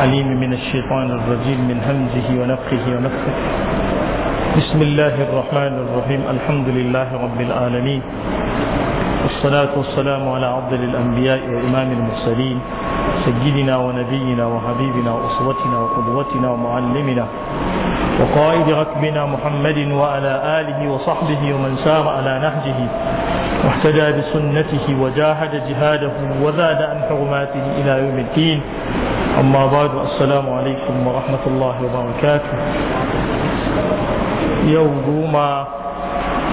العليم من الشيطان الرجيم من همزه ونفخه ونفخه بسم الله الرحمن الرحيم الحمد لله رب العالمين والصلاة والسلام على عبد الأنبياء وإمام المرسلين سيدنا ونبينا وحبيبنا وأسوتنا وقدوتنا ومعلمنا وقائد ركبنا محمد وعلى آله وصحبه ومن سار على نهجه واهتدى بسنته وجاهد جهاده وزاد عن حرماته إلى يوم الدين أما بعد السلام عليكم ورحمة الله وبركاته يوم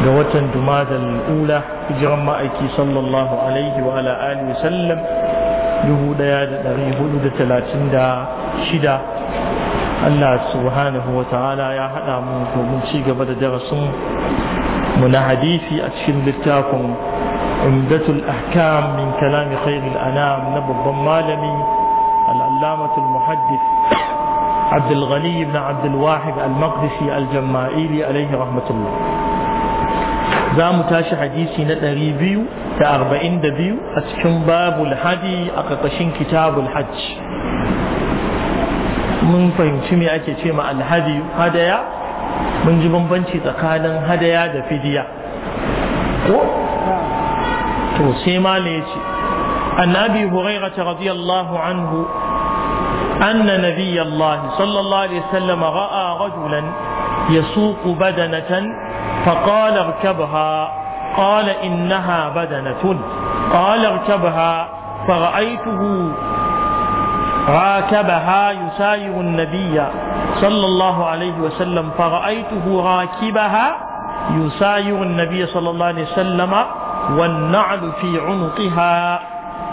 ga watan Jumadal ula hijiran ma'aiki sallallahu alaihi wa ala alihi sallam 1436 Allah subhanahu wa ta'ala ya hada mu domin ci gaba da darasin mu na hadisi a cikin littafin عمدة الأحكام من كلام خير الأنام نبض مالمي العلامة المحدث عبد الغني بن عبد الواحد المقدسي الجمائيلي عليه رحمة الله زام تاشي حديثي نتري بيو تأربعين دبيو أسكن باب الحدي أقطشين كتاب الحج mun fahimci me ake ce ma alhadiyu hadaya mun ji bambanci tsakanin hadaya da fidiya ko to sai ma ne ce an abi hurairah radiyallahu anhu أن نبي الله صلى الله عليه وسلم رأى رجلا يسوق بدنة فقال اركبها قال إنها بدنة قال اركبها فرأيته راكبها يساير النبي صلى الله عليه وسلم فرأيته راكبها يساير النبي صلى الله عليه وسلم والنعل في عنقها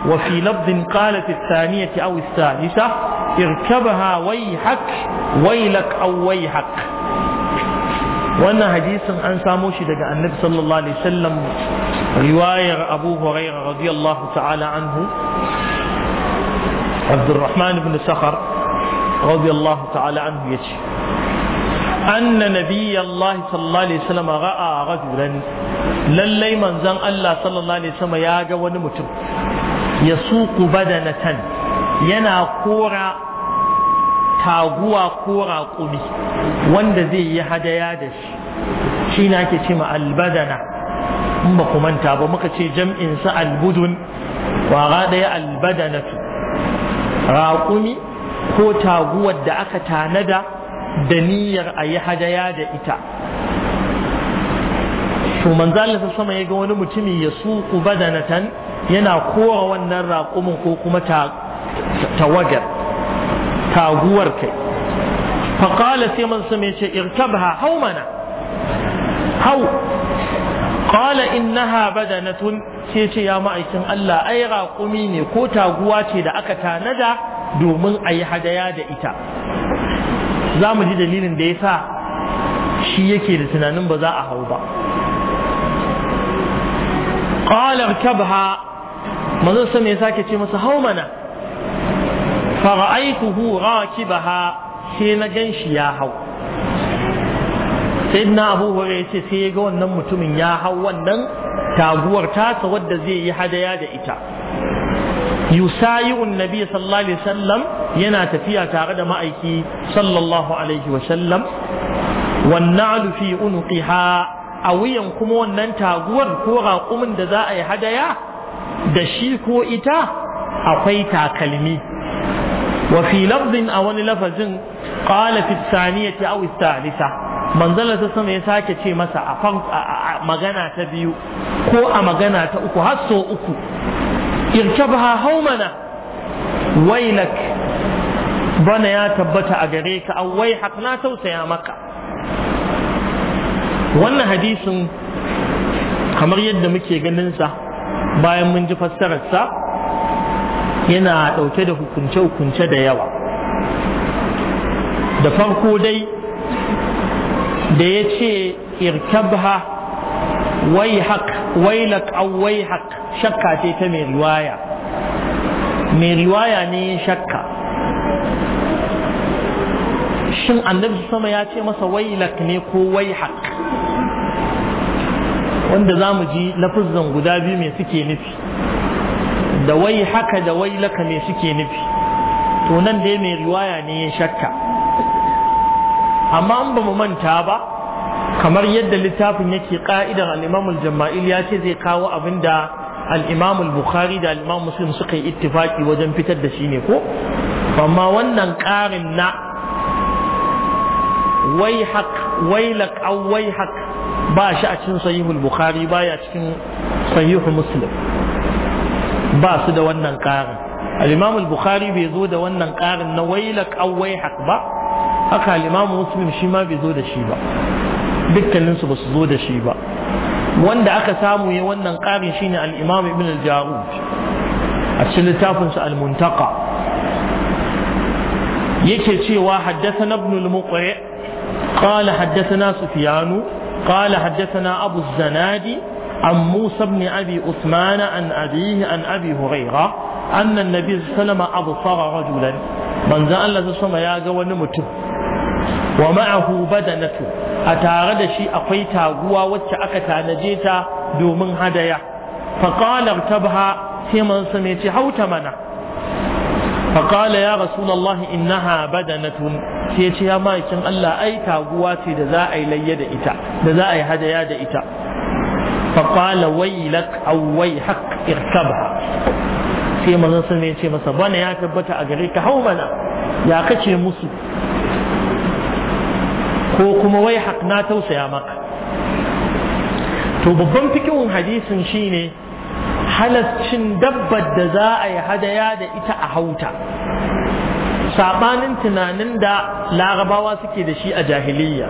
وفي لفظ قالت الثانية أو الثالثة اركبها ويحك ويلك أو ويحك وأن حديث أن ساموش دقاء النبي صلى الله عليه وسلم رواية أبو هريرة رضي الله تعالى عنه عبد الرحمن بن سخر رضي الله تعالى عنه يجي anna nabiyallahi sallallahu alaihi wasallam ra'a rajulan lallai manzon Allah sallallahu alaihi ya ga wani mutum ya suku badanatan yana kora taguwa ko raƙumi wanda zai yi hadaya da shi shi na ake ce ma albadana in ba ku manta ba muka ce jam'in jam'insa albudun kwara ɗaya albadanatu raƙumi ko taguwar da aka tanada da niyyar a yi hadaya da ita to manzo Allah sama ya ga wani mutumi ya suku badanatan yana kora wannan raƙumin ko kuma tawagar taguwar kai faƙala sai man sama ya ce irtabha hau mana hau qala innaha badanatun sai ce ya ma'aikin Allah ai raƙumi ne ko taguwa ce da aka tanada domin a yi hadaya da ita za mu ji dalilin da ya sa shi yake da tunanin ba za a hau ba ƙalar kabha mazo sama ya sake ce masa hau mana fara'aituhu rakibaha sai na gan shi ya hau sai na abu ya ce sai ya ga wannan mutumin ya hau wannan taguwar tasa wadda zai yi hadaya da ita yusayi'un nabi sallallahu alaihi wasallam yana tafiya tare da ma'aiki sallallahu alaihi wasallam wannan fi unuqiha a wuyan kuma wannan taguwar ko raƙumin da za a yi hadaya da shi ko ita akwai takalmi wa fi lafzin a wani lafazin qala fi thaniyati aw thalitha manzala ta sama ya sake ce masa a magana ta biyu ko a magana ta uku har so uku irkabha haumana wailak bana ya tabbata a gare ka an wai na tausaya maka wannan hadisin kamar yadda muke ganin sa bayan mun ji fassarar sa yana ɗauke da hukunce-hukunce da yawa da farko dai da ya ce irkabha wai haq wailak an wai shakka ce ta mai riwaya mai riwaya ne shakka shin annabi sama ya ce masa wailak ne ko wai hak wanda za mu ji lafizan guda biyu mai suke nufi da wai haka da wai laka mai suke nufi to nan dai mai riwaya ne ya shakka amma an ba mu manta ba kamar yadda littafin yake ka'idar al-imamul jama'il ya ce zai kawo abin da الإمام البخاري ده الإمام مسلم سقي اتفاقي وجن فتر ده شيني كو فما ونن كارم نا ويحك ويلك أو ويحك باش أتشن صحيح البخاري باي أتشن صحيح مسلم باس ده ونن كارم الإمام البخاري بيزو ده ونن كارم نا ويلك أو ويحك با أكا الإمام مسلم شيما بيزو ده شيبا بكتن ننسو بس زو ده شيبا wanda aka samu ya wannan ƙarin shine al’imam ibn al-jarud a cikin littafinsa al-muntaka yake cewa haddasa na binul muƙware ƙala haddasa na sufiyanu ƙala haddasa na abu zanadi an musa an abihi an abi huraira annan nabi su salama abu fara rajulani banzan allah su sama ya ga wani mutum wa ma'ahu badanatu a tare da shi akwai taguwa wacce aka tanaje ta domin hadaya faƙalar tabha sai mansa mai ce hauta mana faƙala ya rasulallah innaha badanatun sai ce ya ma'aikin Allah ai taguwa ce da za a yi layya da ita da za a yi hadaya da ita faƙala wailak aw waihak irkabha sai manzon sun ya ce masa bana ya tabbata a gare ka hau mana ya kace musu ko kuma wai haƙ na tausaya maka to babban fikin hadisin shine halascin dabbar da za a yi hadaya da ita a hauta saɓanin tunanin da larabawa suke da shi a jahiliya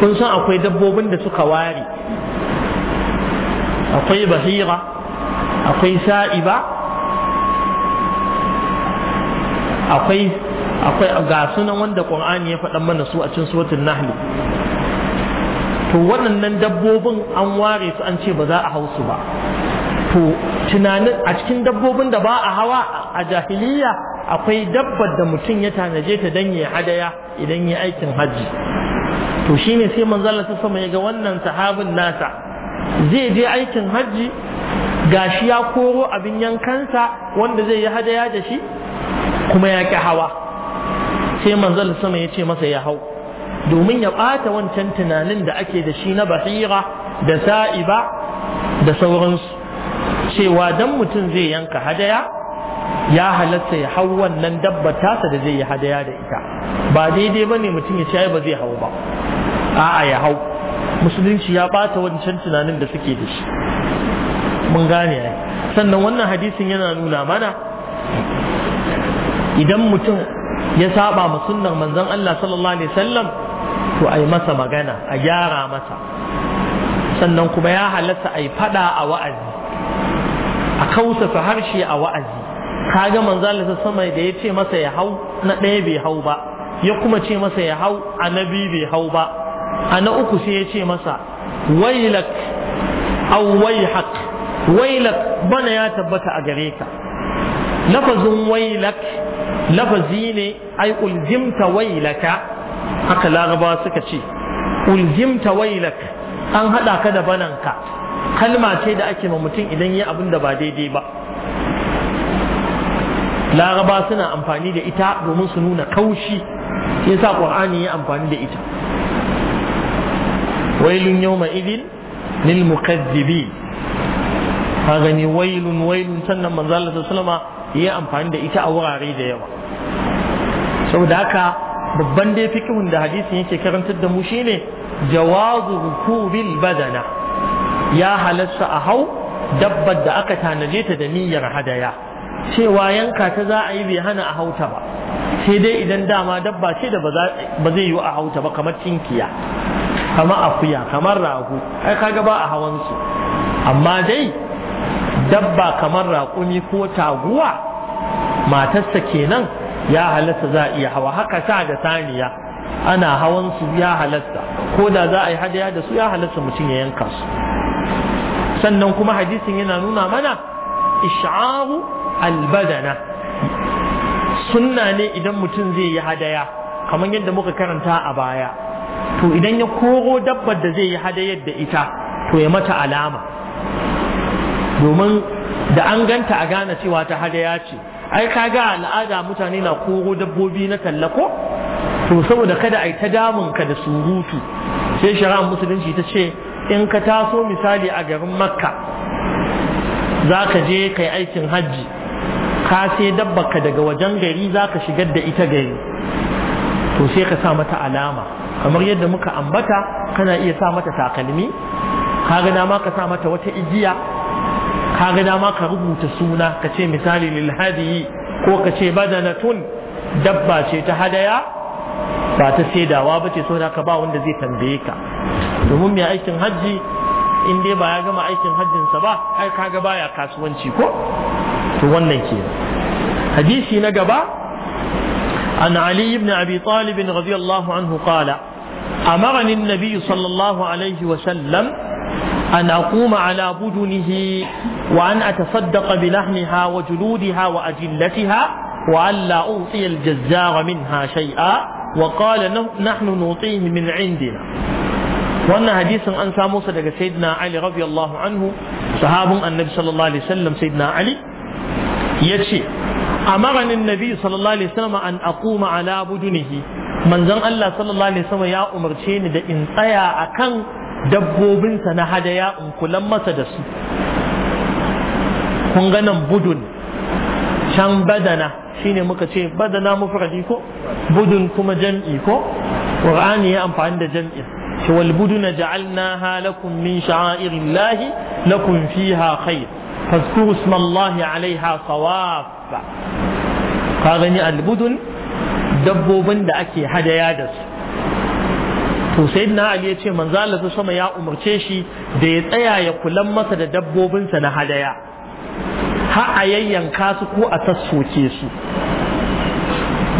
kun san akwai dabbobin da suka ware akwai bahira akwai sa'iba akwai akwai ga sunan wanda qur'ani ya faɗa mana su a cikin suratul nahl to waɗannan dabbobin an ware su an ce ba za a hau su ba to tunanin a cikin dabbobin da ba a hawa a jahiliya akwai dabbar da mutum ya tanaje ta dan ya hadaya idan ya aikin hajji to shi ne sai manzala ta sama ya ga wannan sahabin nasa zai je aikin hajji gashi ya koro abin yankansa wanda zai yi hadaya da shi kuma ya ƙi hawa sai manzal sama ya ce masa ya hau domin ya ɓata wancan tunanin da ake da shi na basira da sa'iba da sauransu cewa dan mutum zai yanka hadaya ya halatta ya hau wannan dabba tasa da zai yi hadaya da ita ba daidai ba ne mutum ya ce ba zai hau ba a'a ya hau musulunci ya ɓata wancan tunanin da suke da shi mun gane sannan wannan hadisin yana nuna mana idan mutum ya saba ma sunnan manzon Allah sallallahu alaihi wasallam to ai masa magana a gyara masa sannan kuma ya halatta ai fada a wa'azi a kausa harshe a wa'azi kaga manzon Allah sama da ya ce masa ya hau na ɗaya bai hau ba ya kuma ce masa ya hau a na biyu bai hau ba a na uku sai ya ce masa wailak aw wayhak wailak bana ya tabbata a gare ka lafazin wailak lafazi ne ai uljimta wailaka haka laraba suka ce uljimta wailak an haɗa ka da bananka kalma ce da ake ma mutum idan yi abin da ba daidai ba laraba suna amfani da ita domin su nuna kaushi ya sa qur'ani ya amfani da ita wailun yau idin lil mukadzibi ka gani wailun wailun sannan manzo Allah sallama yi amfani da ita a wurare da yawa saboda haka babban fi kihun da hadisin yake karantar da mu shine jawazu rukubil badana ya halasta a hau dabbar da aka tanaje ta da niyyar hadaya cewa yanka ta za a yi bai hana a hauta ba sai dai idan dama dabba ce da ba zai yi a hauta ba kamar cinkiya kamar akuya kamar rago ai kaga ba a hawan su amma dai dabba kamar raƙumi ko taguwa matarsa kenan ya halatta za a iya hawa haka sa da saniya ana hawan su ya halatta ko da za a yi hadaya da su ya halatta mutum ya yanka su sannan kuma hadisin yana nuna mana isha'aru albadana sunna ne idan mutum zai yi hadaya kamar yadda muka karanta a baya to idan ya koro dabbar da zai yi hadayar da ita to ya mata alama domin da an ganta a gane cewa ta hadaya ce ai ka ga al'ada mutane na koro dabbobi na tallako to saboda kada ai ta damun ka da surutu sai shari'ar musulunci ta ce in ka taso misali a garin makka za ka je kai aikin hajji ka sai ka daga wajen gari za ka shigar da ita gari to sai ka sa mata alama kamar yadda muka ambata kana iya sa mata takalmi ka gana ma ka sa mata wata igiya ga dama ka rubuta suna ka ce misali lil hadiyi ko ka ce badanatun dabba ce ta hadaya ba ta saidawa ba ce da ka ba wanda zai tambaye ka domin mai aikin hajji in dai ba ya gama aikin hajjinsa ba ai kaga baya kasuwanci ko to wannan ke hadisi na gaba An علي بن أبي طالب رضي الله عنه قال أمرني النبي صلى الله عليه أن أقوم على بدنه وأن أتصدق بلحمها وجلودها وأجلتها وألا أعطي الجزار منها شيئا وقال نحن نعطيه من عندنا wannan hadisin an samo sa daga sayyidina Ali radiyallahu anhu sahabin annabi sallallahu alaihi wasallam sayyidina Ali yace amarani annabi sallallahu alaihi wasallam an aquma ala budunihi manzon Allah sallallahu alaihi wasallam ya umarce ni da in tsaya akan dabbobinsa na hadaya in kulan masa da su kun ga nan budun can badana shine muka ce badana mufradi ko budun kuma jam'i ko qur'ani ya amfani da jam'i shi wal buduna ja'alnaha lakum min sha'airillahi lakum fiha khair fadhkuru ismallahi 'alayha sawaf ka gani al budun dabbobin da ake hadaya da su to na ali ya ce manzo Allah sama ya umarce shi da ya tsaya ya kulan masa da dabbobinsa na hadaya Ha a yayyanka su ko a sassoke su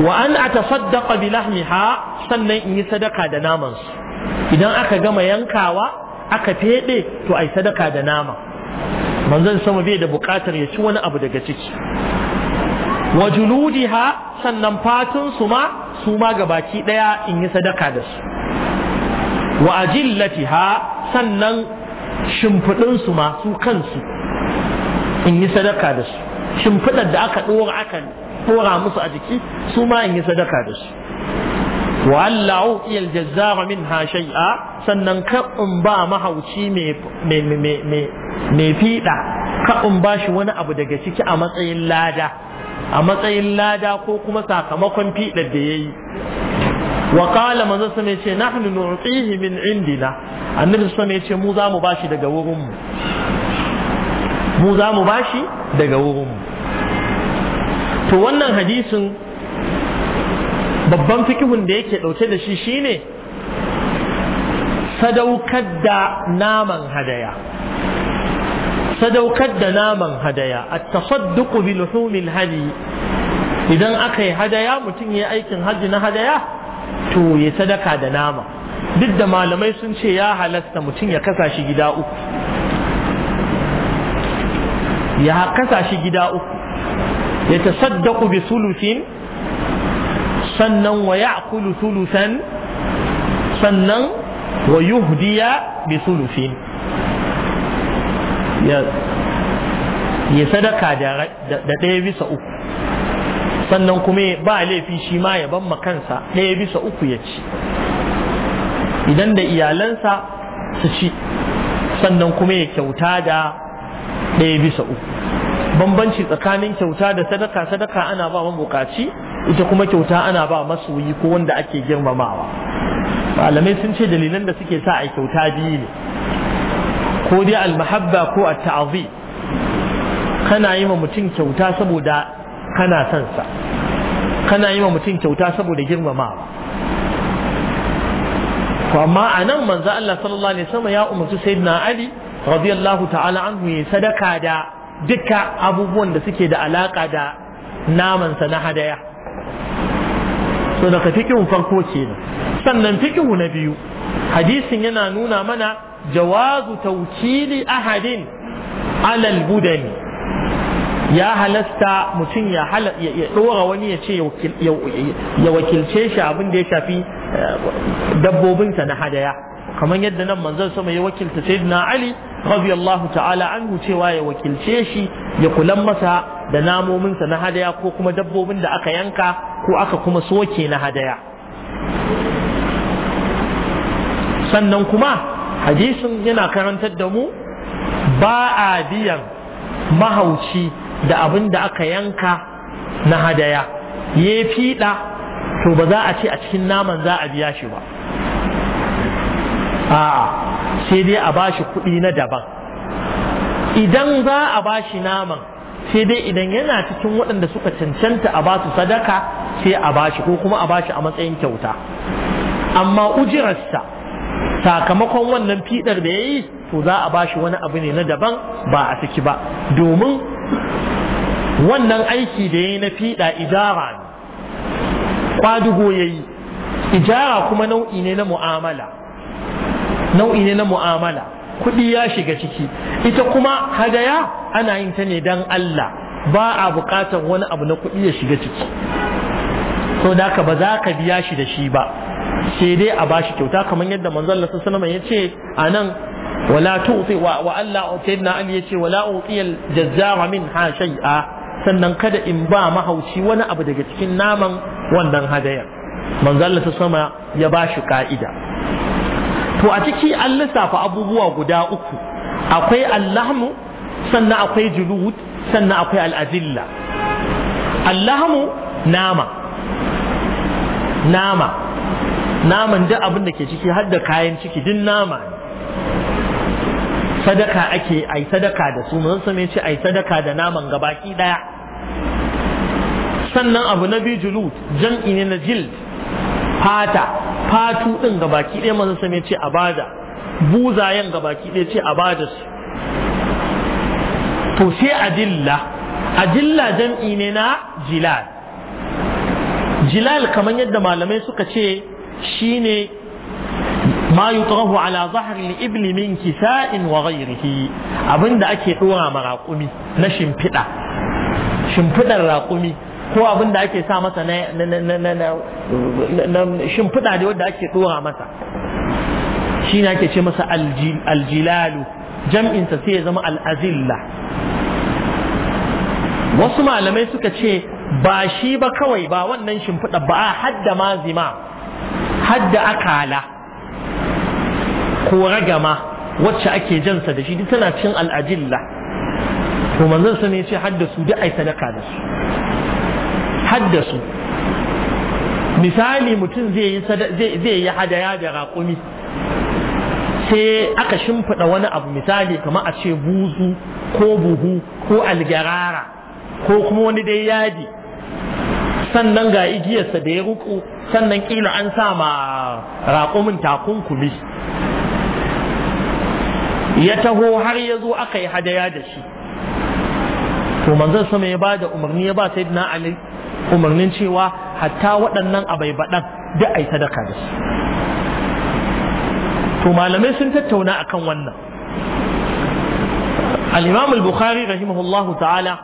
wa an atasaddaqa bi lahmiha sannan in yi sadaka da naman su idan aka gama yankawa aka fede to ai sadaka da nama manzan sama bai da bukatar ya ci wani abu daga ciki wa ha sannan fatun su ma su ma gabaki daya in yi sadaka da su wa ajillatiha sannan shimfiɗinsu masu kansu in yi sadaka da su shimfiɗar da aka ɗora aka ɗora musu a jiki su ma in yi sadaka da su wa allahu iyal jazzara min ha shay'a sannan ka in ba mahauci mai fiɗa ka in ba shi wani abu daga ciki a matsayin lada a matsayin lada ko kuma sakamakon fiɗar da ya yi wa qala manzo sun yace nahnu nu'tihi min indina annabi sun yace mu za mu bashi daga wurin mu mu za mu bashi daga wurin mu to wannan hadisin babban fikihun da yake dauke da shi shine sadaukar da naman hadaya sadaukar da naman hadaya a tasadduku bi luhumil hadi idan aka yi hadaya mutum ya yi aikin hajji na hadaya to ya sadaka da nama duk da malamai sun ce ya halasta mutum ya kasa shi gida uku ya kasa shi gida uku ya tasaddaqu bi sulufin sannan wa ya'kulu sulusan sannan wa yuhdiya bi sulufin. ya sadaka da ɗaya bisa uku sannan kuma ba laifi shi ma ya ban kansa ɗaya bisa uku ya ci idan da iyalansa su ci sannan kuma ya kyauta da ɗaya bisa uku bambanci tsakanin kyauta da sadaka sadaka ana ba mabukaci ita kuma kyauta ana ba masoyi ko wanda ake girmamawa malamai sun ce dalilan da suke sa a kyauta biyu ne ko dai almahabba ko at ta'azi kana yi ma mutum kyauta saboda kana son sa kana yi wa mutum kyauta saboda girmamawa to amma a nan manzo Allah sallallahu alaihi wasallam ya umarci sayyidina Ali radiyallahu ta'ala anhu ya sadaka da duka abubuwan da suke da alaka da namansa na hadaya so daga fikihun farko kenan sannan fikihu na biyu hadisin yana nuna mana jawazu tawkili ahadin alal budani ya halasta mutum ya ɗora wani ya ce ya wakilce shi abin da ya shafi eh, dabbobinsa na hadaya kamar yadda nan manzon sama ya wakilta sayyidina ali radiyallahu ta'ala an cewa ya wakilce shi ya kulan masa da namominsa na hadaya ko kuma dabbobin da aka yanka ko aka kuma soke na hadaya sannan kuma hadisin yana karantar da mu ba a biyan mahauci da abin da aka yanka na hadaya ya fiɗa to ba za a ce a cikin naman za a biya shi ba a'a sai dai a bashi kuɗi na daban idan za a bashi naman sai dai idan yana cikin waɗanda suka cancanta a basu sadaka sai a bashi ko kuma a bashi a matsayin kyauta amma ujirarsa sakamakon wannan fiɗar da ya yi to za a bashi wani abu ne na daban ba a ciki ba domin wannan aiki da yayi na fiɗa idara ne kwadugo yayi ijara kuma nau'i ne na mu'amala nau'i ne na mu'amala kuɗi ya shiga ciki ita kuma hadaya ana yin ta ne dan Allah ba a buƙatar wani abu na kuɗi ya shiga ciki so da ka ba za ka biya shi da shi ba sai dai a bashi kyauta kamar yadda manzon Allah sallallahu alaihi yace ya wala tu'ti wa Allah sayyidina Ali ya ce wala u'ti al min ha shay'a sannan kada in ba mahauci wani abu daga cikin naman wannan hadayar manzo Allah sama ya ba shi ka'ida to a ciki an lissafa abubuwa guda uku akwai allahmu sannan akwai julud sannan akwai al'adilla allahmu nama nama naman duk abin da ke ciki har da kayan ciki din nama ne sadaka ake ai sadaka da su mun san ce ai sadaka da naman gabaki daya sannan abu na biyu julud jam'i ne na jild fata fatu din gabaki daya mun san ce a Buza buzayen gabaki daya ce a su to sai adilla adilla jam'i ne na jilal jilal kamar yadda malamai suka ce shine Mayu yutrahu ala zahr al-ibli min kisa'in wa ghayrihi abinda ake dora ma raƙumi na shimfiɗa shimfiɗar raƙumi ko abinda ake sa masa na shimfiɗa da wanda ake dora masa shi ne ake ce masa aljilalu jam'insa sai ya zama al'azilla wasu malamai suka ce ba shi ba kawai ba wannan shimfiɗa ba hadda mazima hadda akala ko ragama wacce ake jansa da shi tana cin al'ajilla to manzon sa ne ya ce haddasu duk ai sadaka da su haddasu misali mutum zai yi zai yi hadaya da raƙumi sai aka shimfiɗa wani abu misali kamar a ce buzu ko buhu ko algarara ko kuma wani dai yadi sannan ga igiyarsa da ya ruku sannan kila an sa ma raƙumin takunkumi ya taho har ya zo aka yi hadaya da shi to manzon sama ya bada umarni ya ba sayyidina ali umarnin cewa hatta waɗannan abai baɗan da ai sadaka da su to malamai sun tattauna akan wannan al-imam al-bukhari rahimahullahu ta'ala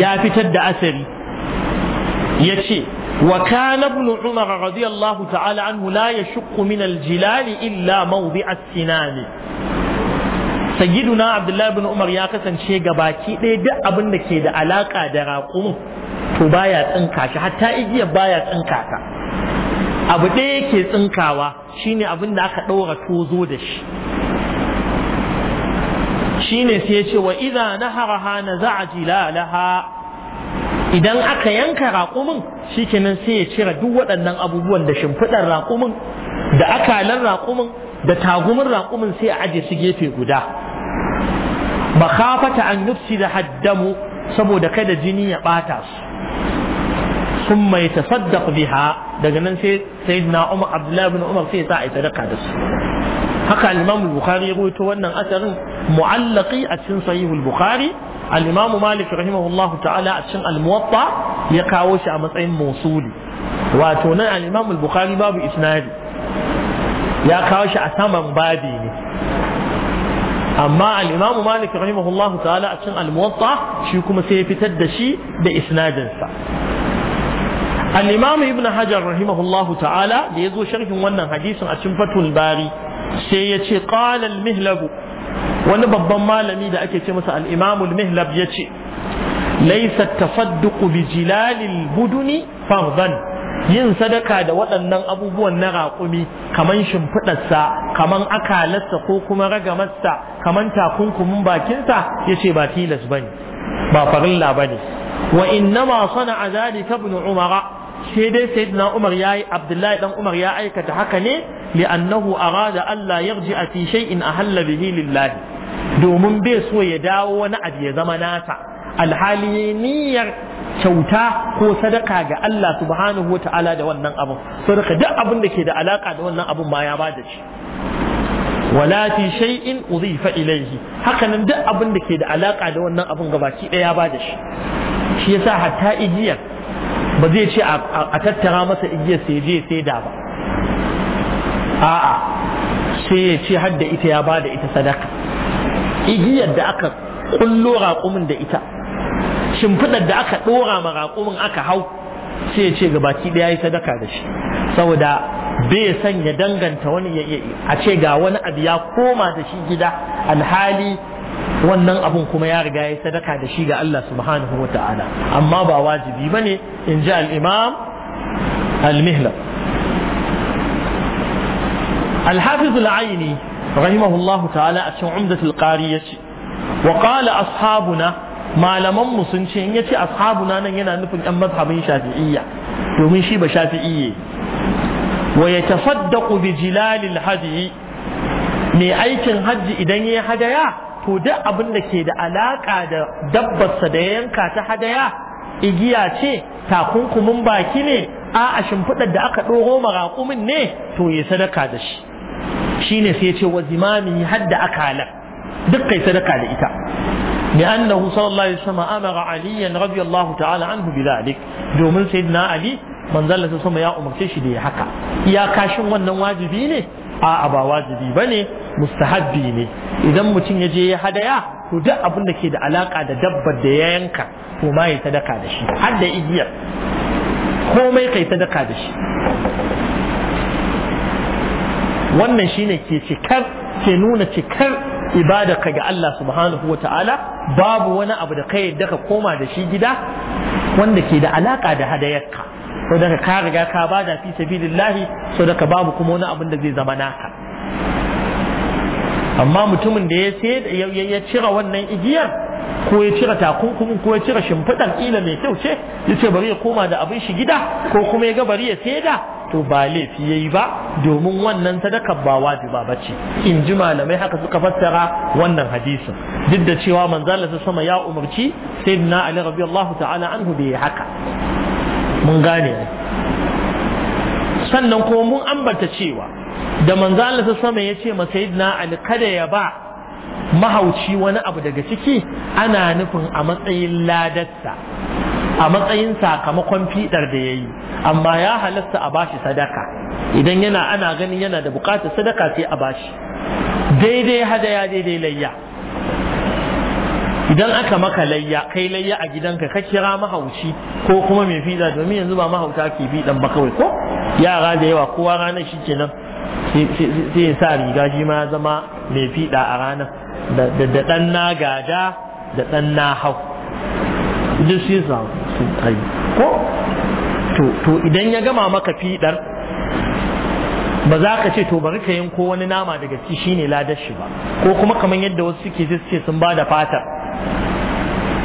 ya fitar da asari ya ce وكان Umar عمر ta'ala. الله تعالى عنه لا يشق من الجلال إلا موضع السنان sayyiduna abdullahi bin umar ya kasance gabaki ɗaya duk abinda ke da alaƙa da raƙumin to baya tsinka shi hatta igiyar baya tsinka ta abu ɗaya yake tsinkawa shine abin da aka ɗaura tozo da shi shine sai ya ce wa idza naharaha naza'a jilalaha idan aka yanka raƙumin shikenan sai ya cire duk waɗannan abubuwan da shimfiɗar raƙumin da akalan raƙumin da tagumin raƙumin sai a aje su gefe guda makafata an yufsi da haddamu saboda kada jini ya ɓata su sun mai tasaddaq biha daga nan sai sayyidina Umar Abdullahi bin Umar sai sa a sadaka da su haka al-Imam al-Bukhari ya wannan asarin mu'allaqi a cikin sahihul Bukhari Al'imamu imamu malik rahimahullahu ta'ala a cikin al-muwatta ya kawo shi a matsayin mausuli wato nan al'imamu imamu bukhari babu isnadi ya kawo shi a saman babi ne amma al'imamu imamu malik rahimahullahu ta'ala a cikin al-muwatta shi kuma sai ya fitar da shi da isnadinsa Al'imamu ibn hajar rahimahullahu ta'ala da ya zo sharhin wannan hadisin a cikin fatul bari sai ya ce qala al-mihlabu wani babban malami da ake ce masa alimamul mihlab ya ce laisa tafadduqu bi jilalil buduni yin sadaka da waɗannan abubuwan na raƙumi kaman shimfiɗarsa kaman akalarsa ko kuma ragamarsa kaman takunkumin bakinsa ya ce ba tilas bane ba farilla bane wa innama sana'a zalika ibn umara sai dai sayyidina Umar yayi Abdullahi dan Umar ya aikata haka ne annahu arada Allah yarji a fi shay'in ahalla bihi lillahi domin bai so ya dawo wani abu ya zama nasa alhali niyyar kyauta ko sadaka ga Allah subhanahu wata'ala da wannan abun sadaka duk abin da ke da alaka da wannan abun ma ya bada shi wala fi shay'in udhifa ilayhi hakanan duk abin da ke da alaka da wannan abun gabaki daya ya bada shi shi yasa hatta igiyar ba zai ce a tattara masa igiyar sai je sai da ba a'a sai ya ce har ita ya ba da ita sadaka igiyar da aka kullo raƙumin da ita shimfiɗar da aka ɗora ma raƙumin aka hau sai ya ce baki ɗaya ya sadaka da shi saboda bai san ya danganta wani ya a ce ga wani abu ya koma da shi gida alhali wannan abun kuma ya riga ya sadaka da shi ga Allah subhanahu wa ta'ala amma ba wajibi ba ne inji ji al'imam al-mihlab al rahimahullahu ta'ala a cikin umdatul qari yace wa qala ashabuna malaman mu sun ce in yace ashabuna nan yana nufin ɗan mazhabin shafi'iyya domin shi ba shafi'iye. wa yatasaddaqu bi jilalil hadi mai aikin hajji idan yayi hadaya to duk abin da ke da alaka da dabbarsa da yanka ta hadaya igiya ce takunkumin baki ne a a shimfiɗar da aka ɗoro maraƙumin ne to ya sadaka da shi Shi ne sai ce wa zimami hadda akalar duk kai sadaka da ita an sama amara الله عليه Allah ta'ala an hubi da alik domin sai دومن Ali, علي من sama ya umarce shi da ya haka. Ya kashin wannan wajibi ne a'a ba wajibi bane mustahabbi ne idan mutum ya je ya hadaya to duk abin da ke da alaka da dabbar da ya yanka to ma ya sadaka da shi har da igiyar komai kai sadaka da shi wannan shine ke cikar ke nuna cikar ibada ka ga Allah subhanahu wa ta'ala babu wani abu da kai da ka koma da shi gida wanda ke da alaka da hadayarka Sau da ka riga ka ba da fi sabilillahi so ka babu kuma wani abin da zai zama naka amma mutumin da ya sai ya cire wannan igiyar ko ya cire takunkumin ko ya cire shimfiɗar ƙila mai kyau ce ya ce bari ya koma da abin shi gida ko kuma ya ga bari ya da, to ba laifi yayi ba domin wannan sadakar ba wajiba ba ce in ji malamai haka suka fassara wannan hadisin duk da cewa manzala sama ya umarci sayyidina ali radiyallahu ta'ala anhu bai haka mun gane sannan kuma mun ambata cewa da manzo Allah ta sama ya ce ma sayyidina Ali kada ya ba mahauci wani abu daga ciki ana nufin a matsayin ladarsa a matsayin sakamakon fidar da yayi amma ya halasta a bashi sadaka idan yana ana ganin yana da bukatar sadaka sai a bashi daidai hadaya daidai layya idan aka maka layya kai layya a gidanka ka kira mahauci ko kuma mai fiza domin yanzu ba mahauta ke fidan ba kawai ko yara da yawa kowa ranar shi kenan sai sa riga shi ma zama mai fiɗa a ranar da ɗan na gada da ɗan na hau duk za su ayi ko to idan ya gama maka fiɗar ba za ka ce to bari ka yanko wani nama daga ci shine ladar shi ba ko kuma kamar yadda wasu suke sun ba da fatar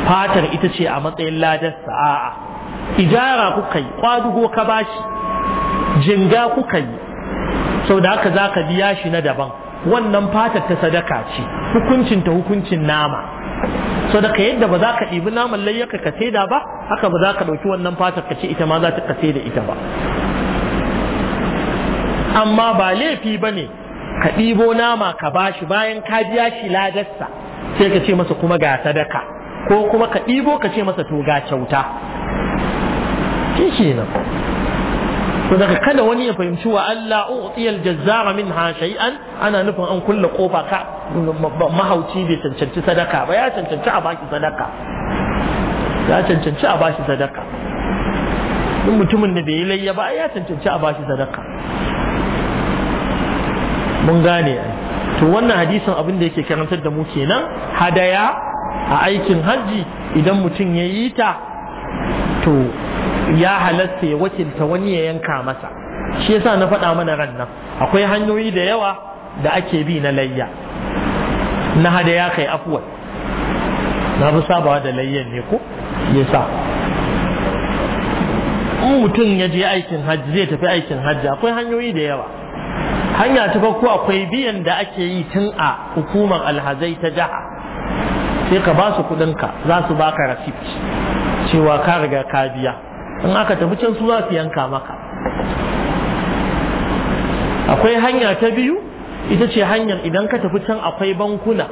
fatar ita ce a matsayin ladar a'a ijara kuka yi kwadugo ka bashi jinga kuka yi sau da haka za ka biya shi na daban wannan fatar ta sadaka ce hukuncin ta hukuncin nama sau da ka yadda ba za ka ɗibi naman layyaka ka saida ba haka ba za ka ɗauki wannan fatar ka ce ita ma za ta ka da ita ba amma ba laifi ba ne ka ɗibo nama ka bashi bayan ka biya shi ladarsa sai ka ce masa kuma ga sadaka ko kuma ka ɗibo ka ce masa to ga kyauta shi kenan to daga kada wani ya fahimci wa Allah oh, utiyal jazzara ha shay'an ana nufin an kulle kofa ka mahauci bai cancanci sadaka ba ya cancanci a baki sadaka ya cancanci a bashi sadaka in mutumin da bai yi layya ba ya cancanci a bashi sadaka mun gane to wannan hadisin abin da yake karantar da mu kenan hadaya a aikin hajji idan mutum ya yi ta to ya halatta ya wakilta wani ya yanka masa shi yasa na faɗa mana ran nan akwai hanyoyi da yawa da ake bi na layya na hada ya kai afuwa na fi sabawa da layyan ne ko yasa in mutum ya je aikin hajji zai tafi aikin hajji akwai hanyoyi da yawa hanya ta farko akwai biyan da ake yi tun a hukumar alhazai ta jiha sai ka ba su kuɗinka za su baka rasit cewa ka riga ka biya in aka tafi can su za su yanka maka akwai hanya ta biyu ita ce hanyar idan ka tafi can akwai bankuna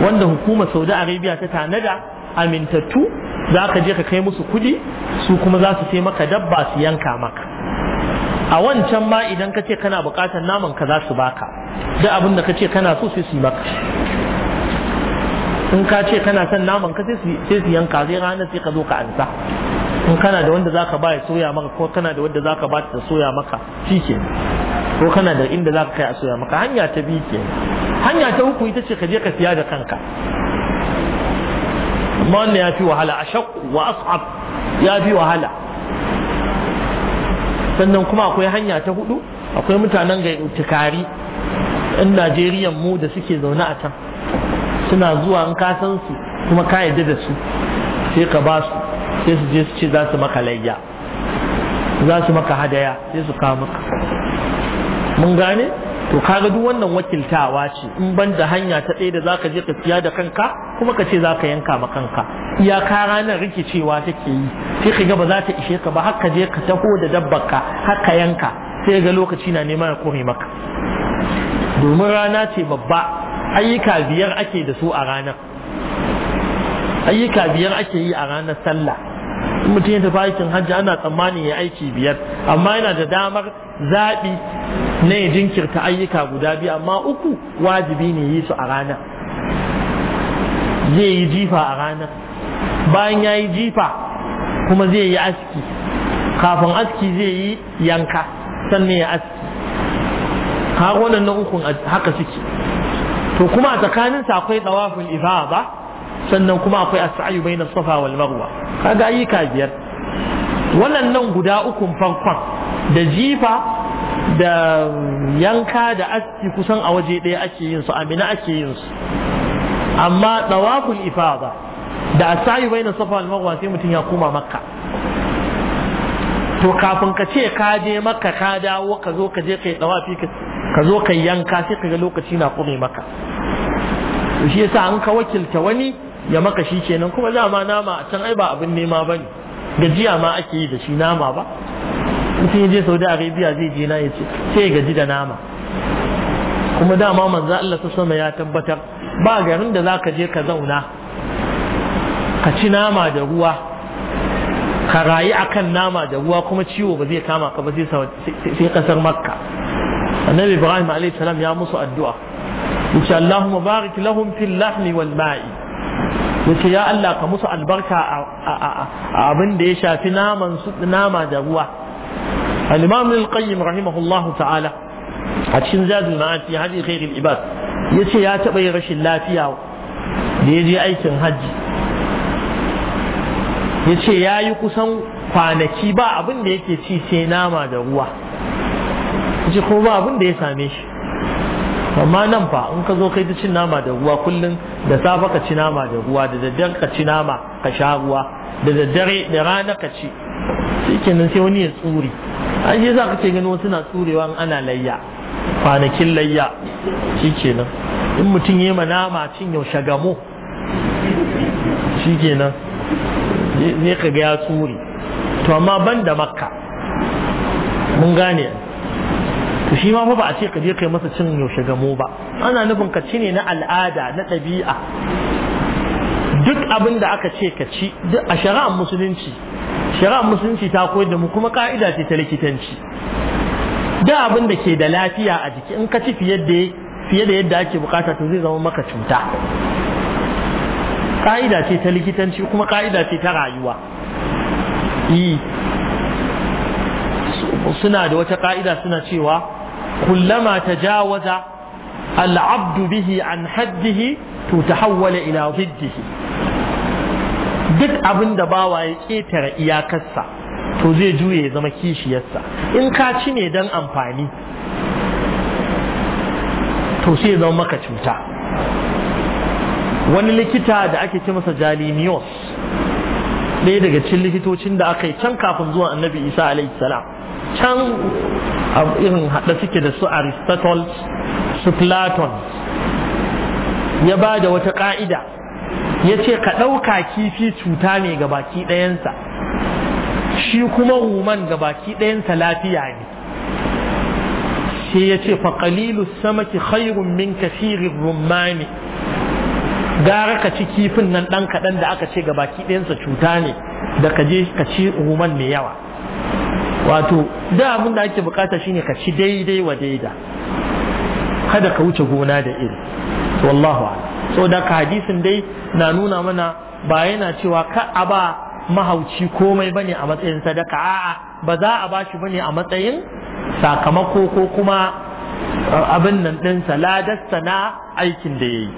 wanda hukumar saudi arabia ta tanada amintattu za ka je ka kai musu kuɗi su kuma za su sai maka dabba su yanka maka a wancan ma idan ka ce kana bukatar naman ka za su baka da abin da ka ce kana so sai su yi maka in ka ce kana son naman ka sai su yanka sai ranar sai ka zo ka ansa in kana da wanda zaka ba ya soya maka ko kana da wanda zaka ba ta soya maka shi ke ko kana da inda zaka kai a soya maka hanya ta biyu ke hanya ta uku ita ce ka je ka siya da kanka amma wannan ya fi wahala ashaq wa as'ab ya fi wahala sannan kuma akwai hanya ta hudu akwai mutanen ga tukari in Najeriya mu da suke zaune a can suna zuwa in ka san su kuma ka yadda da su sai ka ba su sai su je su ce za su maka layya za su maka hadaya sai su kawo maka mun gane to kaga duk wannan wakiltawa ce in ban da hanya ta ɗaya da za ka je ka siya da kanka kuma ka ce za ka yanka ma kanka ka ranar rikicewa take yi sai ka ga ba za ta ishe ka ba har je ka taho da dabbarka har ka yanka sai ga lokaci na neman ya kore maka domin rana ce babba ayyuka biyar ake da su a ranar ayyuka biyar ake yi a ranar sallah mutum ya tafi aikin hajji ana tsammanin ya aiki biyar amma yana da damar zaɓi na ya jinkirta ayyuka guda biyu amma uku wajibi ne yi su a ranar zai yi jifa a ranar bayan ya yi jifa kuma zai yi aski kafin aski zai yi yanka sannan ya aski har na ukun haka suke to kuma a tsakaninsa sa akwai tawaful ba sannan kuma akwai as-sa'yu bainas safa wal marwa kaga ayyuka biyar Wannan nan guda ukun farkon da jifa da yanka da aski kusan a waje ɗaya ake yin su amina ake yin su amma tawaful ba da asayi bai na safa marwa sai mutum ya koma makka to kafin ka ce ka je makka ka dawo ka zo ka je kai tsawafi ka zo ka yanka sai ka ga lokaci na kure maka to shi yasa an ka wakilta wani ya maka shi kenan kuma dama nama a can ai ba abin nema bane gajiya ma ake yi da shi nama ba mutum ya je saudi arabia zai je na yace sai gaji da nama kuma dama manzo Allah ta sama ya tabbatar ba garin da zaka je ka zauna ka ci nama da ruwa ka rayu akan nama da ruwa kuma ciwo ba zai kama ka ba sai kasar makka annabi ibrahim alayhi salam ya musu addu'a yace allahumma barik lahum fil lahmi wal yace ya allah ka musu albarka a abin da ya shafi naman su nama da ruwa al-imam al-qayyim rahimahullahu ta'ala a cikin zadul ma'ad fi hadi khairil ibad yace ya taba yin rashin lafiya da ya je aikin hajji yace ya yi kusan kwanaki ba abin da yake ci sai nama da ruwa ji ko ba abin da ya same shi amma nan fa in ka zo kai ta cin nama da ruwa kullum da safe ka ci nama da ruwa da daddare ka ci nama ka sha ruwa da daddare da rana ka ci shi nan sai wani ya tsuri an shi za ka ce gani wasu na tsurewa in ana layya kwanakin layya shi kenan in mutum ya yi ma nama cin yaushe gamo shi kenan zai ka ga ya tsuri to amma ban da makka mun gane to shi ma fa ba a ce ka je kai masa cin yaushe gamo ba ana nufin ka ci ne na al'ada na ɗabi'a duk abin da aka ce ka ci a shari'ar musulunci shari'ar musulunci ta koyar da mu kuma ka'ida ce ta likitanci da abin da ke da lafiya a jiki in ka ci fiye da fiye da yadda ake bukata to zai zama maka cuta ka'ida ce ta likitanci kuma ka'ida ce ta rayuwa suna da wata ka'ida suna cewa كلما تجاوز العبد به عن حده تتحول إلى ضده duk abin da bawa ya ƙetare iyakarsa to zai juye ya zama kishiyarsa in ka ci ne dan amfani to sai ya zama maka cuta wani likita da ake ce masa jalimiyos ɗaya daga cikin likitocin da aka yi can kafin zuwa annabi isa alaihi salam can irin haɗa suke da su aristotle su platon ya ba da wata ƙa'ida ya ce ka ɗauka kifi cuta ne ga baki ɗayansa shi kuma ruman ga baki ɗayansa lafiya ne sai ya ce faƙalilu samaki khairun min kasirin rumani gara ka ci kifin nan ɗan kaɗan da aka ce ga baki ɗayansa cuta ne da ka je ka ci ruman mai yawa wato da abin da ake bukata shine ka ci daidai wa daida kada ka wuce gona da iri wallahu so da ka hadisin dai na nuna mana ba yana cewa ka a ba mahauci komai bane a matsayin sadaka a'a ba za a ba bashi bane a matsayin sakamako ko kuma uh, abin nan ɗinsa ladarsa na aikin da ya yi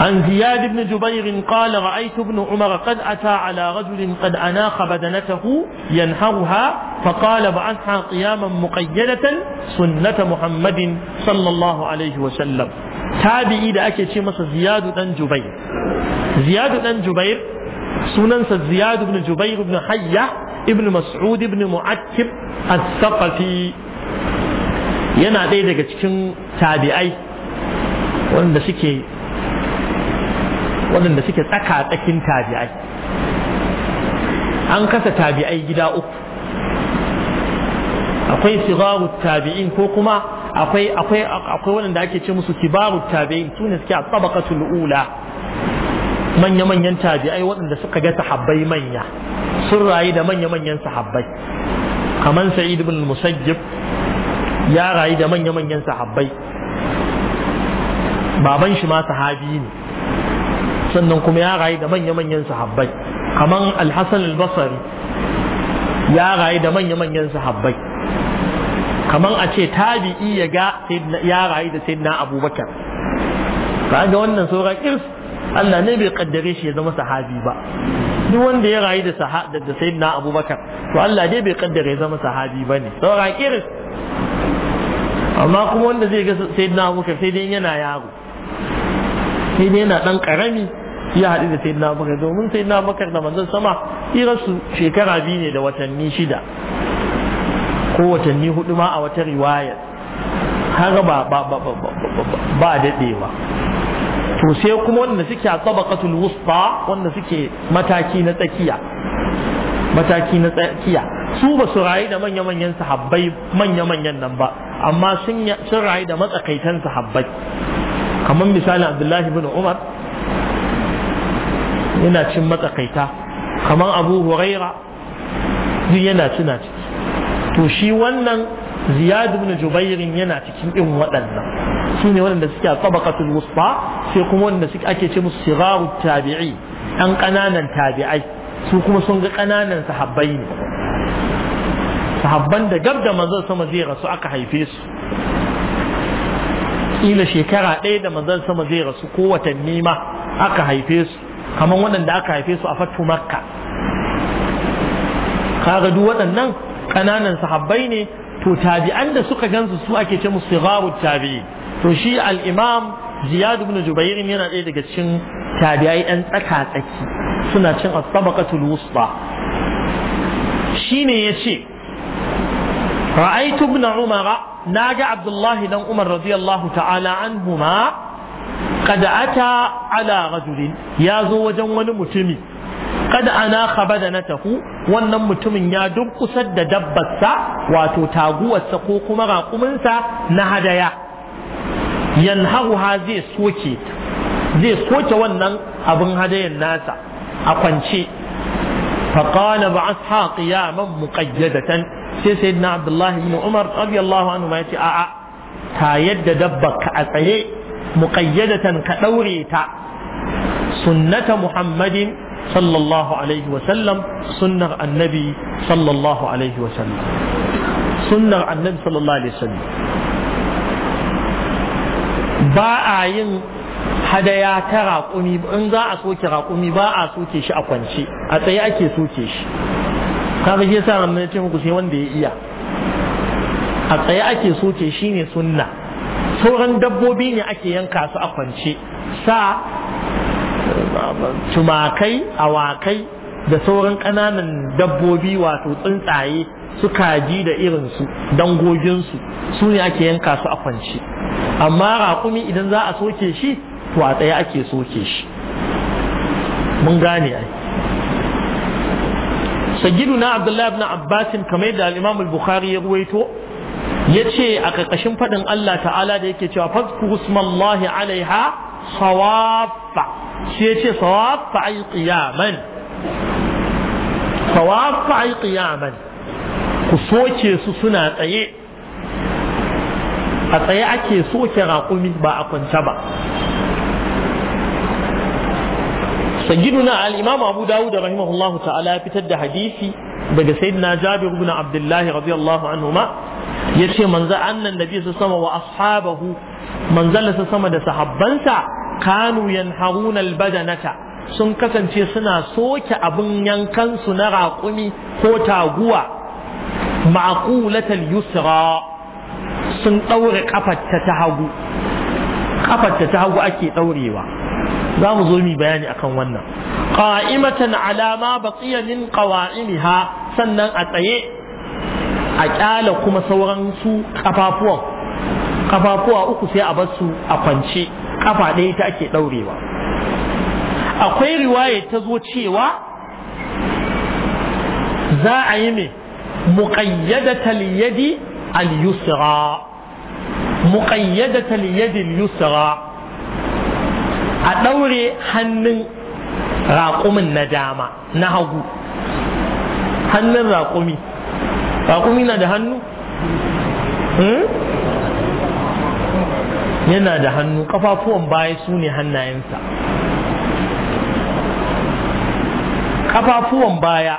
عن زياد بن جبير قال رأيت ابن عمر قد أتى على رجل قد أناخ بدنته ينحرها فقال بعثها قياما مقيدة سنة محمد صلى الله عليه وسلم تابعي da ake ce masa ziyadu dan jubair ziyadu dan jubair sunansa ziyad ibn jubair ibn hayya ibn mas'ud ibn mu'akkib as-saqafi yana ɗaya daga cikin tabi'ai wanda suke waɗanda suke tsaka tsakin tabi'ai an kasa tabi'ai gida uku akwai sigaru tabi'in ko kuma akwai akwai akwai waɗanda ake ce musu kibaru tabi'in su ne suke a tabaqatul ula manya-manyan tabi'ai waɗanda suka ga sahabbai manya sun rayu da manya-manyan sahabbai kamar sa'id ibn musajjib ya rayu da manya-manyan sahabbai baban shi ma sahabi ne sannan kuma ya rayu da manya-manyan sahabbai kamar alhassan albasari ya rayu da manya-manyan sahabbai kamar a ce tabi'i ya ga ya rayu da sayyidina abubakar Ka ga wannan sauran irs Allah ne bai kaddare shi ya zama sahabi ba duk wanda ya rayu da sahada da sayyidina abubakar to Allah ne bai kaddare ya zama sahabi ba ne sauran irs amma kuma wanda zai ga sayyidina abubakar sai dai yana yaro sai dai yana dan karami ya haɗu da sayyidina abubakar domin sayyidina abubakar da manzon sama su shekara biyu ne da watanni shida ko watanni hudu ma a wata riwaya har ba ba ba ba daɗewa to sai kuma wanda suke a tabaqatul wusta wanda suke mataki na tsakiya mataki na tsakiya su ba su rayu da manya-manyan sahabbai manya-manyan nan ba amma sun rayu da matsakaitan sahabbai kamar misali abdullahi bin umar yana cin matsakaita kamar abu huraira duk yana cina ciki to shi wannan ziyad ibn jubairin yana cikin irin waɗannan su ne waɗanda suke a tabaqatul wusta sai kuma waɗanda suke ake ce musu sigaru tabi'i ɗan ƙananan tabi'ai su kuma sun ga ƙananan sahabbai ne sahabban da gab da manzon sama zai rasu aka haife su kila shekara ɗaya da manzon sama zai rasu ko watanni ma aka haife su kamar waɗanda aka haife su a fatu makka kaga duk waɗannan ƙananan sahabbai ne to tabi'an da suka gansu su ake ce musu sigharu tabi'i to shi al-imam ziyad ibn jubair yana ɗaya daga cikin tabi'ai ɗan tsaka tsaki suna cin at Shi wusta shine yace ra'aytu ibn umara naga abdullahi dan umar radiyallahu ta'ala anhuma kada ata ala rajulin ya zo wajen wani mutumi kada ana da na tahu wannan mutumin ya duk kusa da dabbarsa wato taguwarsa ko kuma raƙuminsa na hadaya yanharuha zai soke zai soke wannan abin hadayan nasa a kwance فقال ya man muƙayyadatan sai sayyidina abdullahi ibn umar radiyallahu anhu ma ce a'a ta yadda ka a tsaye muqayyadatan ka ɗaure ta sunnata muhammadin sallallahu alaihi wa sallam sunnar annabi sallallahu alaihi wa sallam sunnar annabi sallallahu alaihi wa sallam ba a yin hadaya ta raƙumi in za a soke raƙumi ba a soke shi a kwance a tsaye ake soke shi kaga shi yasa ramin ce muku sai wanda ya iya a tsaye ake soke shi ne sunna sauran dabbobi ne ake yanka su a kwance sa tumakai awakai da sauran ƙananan dabbobi wato tsuntsaye su kaji da irinsu dangoginsu su ne ake yanka su a kwance amma raƙumi idan za a soke shi to a tsaye ake soke shi mun gane ai sagiduna abdullahi ibn abbasin kamar da al-imam bukhari ya ruwaito yace a ƙarƙashin faɗin Allah ta'ala da yake cewa fadku usmallahi alaiha sawaffa sai yace sawaffa ay qiyaman sawaffa ay ku soke su suna tsaye a tsaye ake soke raƙumi ba a kwance ba sayyiduna na al'imam abu dawud rahimahullahu ta'ala ya fitar da hadisi daga sayyidina jabir ibn abdullahi radiyallahu anhuma ya ce annan nabi su sama wa ashabahu manzala su sama da sahabbansa kanu yanharuna albadanata sun kasance suna soke abin yankansu na raƙumi ko taguwa ma'qulatal yusra sun daure ƙafarta ta hagu ƙafarta ta hagu ake ɗaurewa za mu zo mu bayani akan wannan qa'imatan ala ma baqiya min qawa'imha sannan a tsaye a kyala kuma sauran su kafafuwan kafafuwa uku sai a bar su a kwance kafa ɗaya ta ake ɗaurewa akwai riwaya ta zo cewa za a yi mai muƙayyada taliyadi al-yusra muƙayyada yadi al-yusra a ɗaure hannun raƙumin na dama na hagu hannun raƙumi raƙumi na da hannu hmm? yana da hannu kafafuwan baya su ne hannayensa kafafuwan baya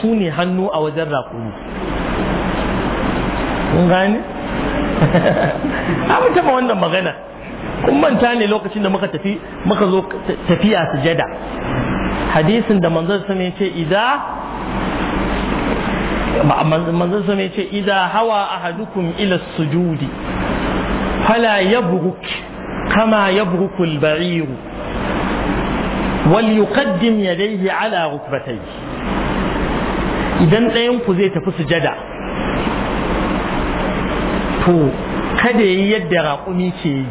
su ne hannu a wajen raƙumi kun gane? an taba wannan magana kun manta ne lokacin da muka tafi muka zo tafiya sujada hadisin da manzon sama ce idan manzon sa ce idan hawa ahadukum ila sujudi fala yabruk kama yabruku al-ba'ir wal yuqaddim yadayhi ala rukbatayhi idan ɗayan ku zai tafi sujada to kada yi yadda raƙumi ke yi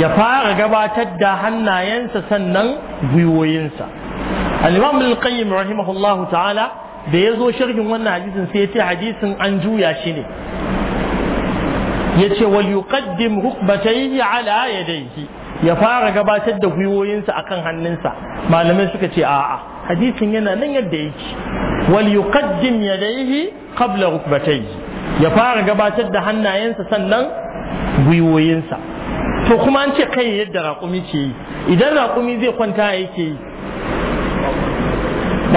ya fara gabatar da hannayensa sannan gwiwoyinsa al-imam al-qayyim rahimahullahu ta'ala da ya zo sharhin wannan hadisin sai ya ce hadisin an juya shi ne ya ce wa yuqaddim rukbatayhi ala yadayhi ya fara gabatar da gwiwoyinsa akan hannunsa malamai suka ce a'a hadisin yana nan yadda yake wal yuqaddim yadayhi qabla rukbatayhi ya fara gabatar da hannayensa sannan gwiwoyinsa to kuma an ce kai yadda raƙumi ke yi idan raƙumi zai kwanta yake yi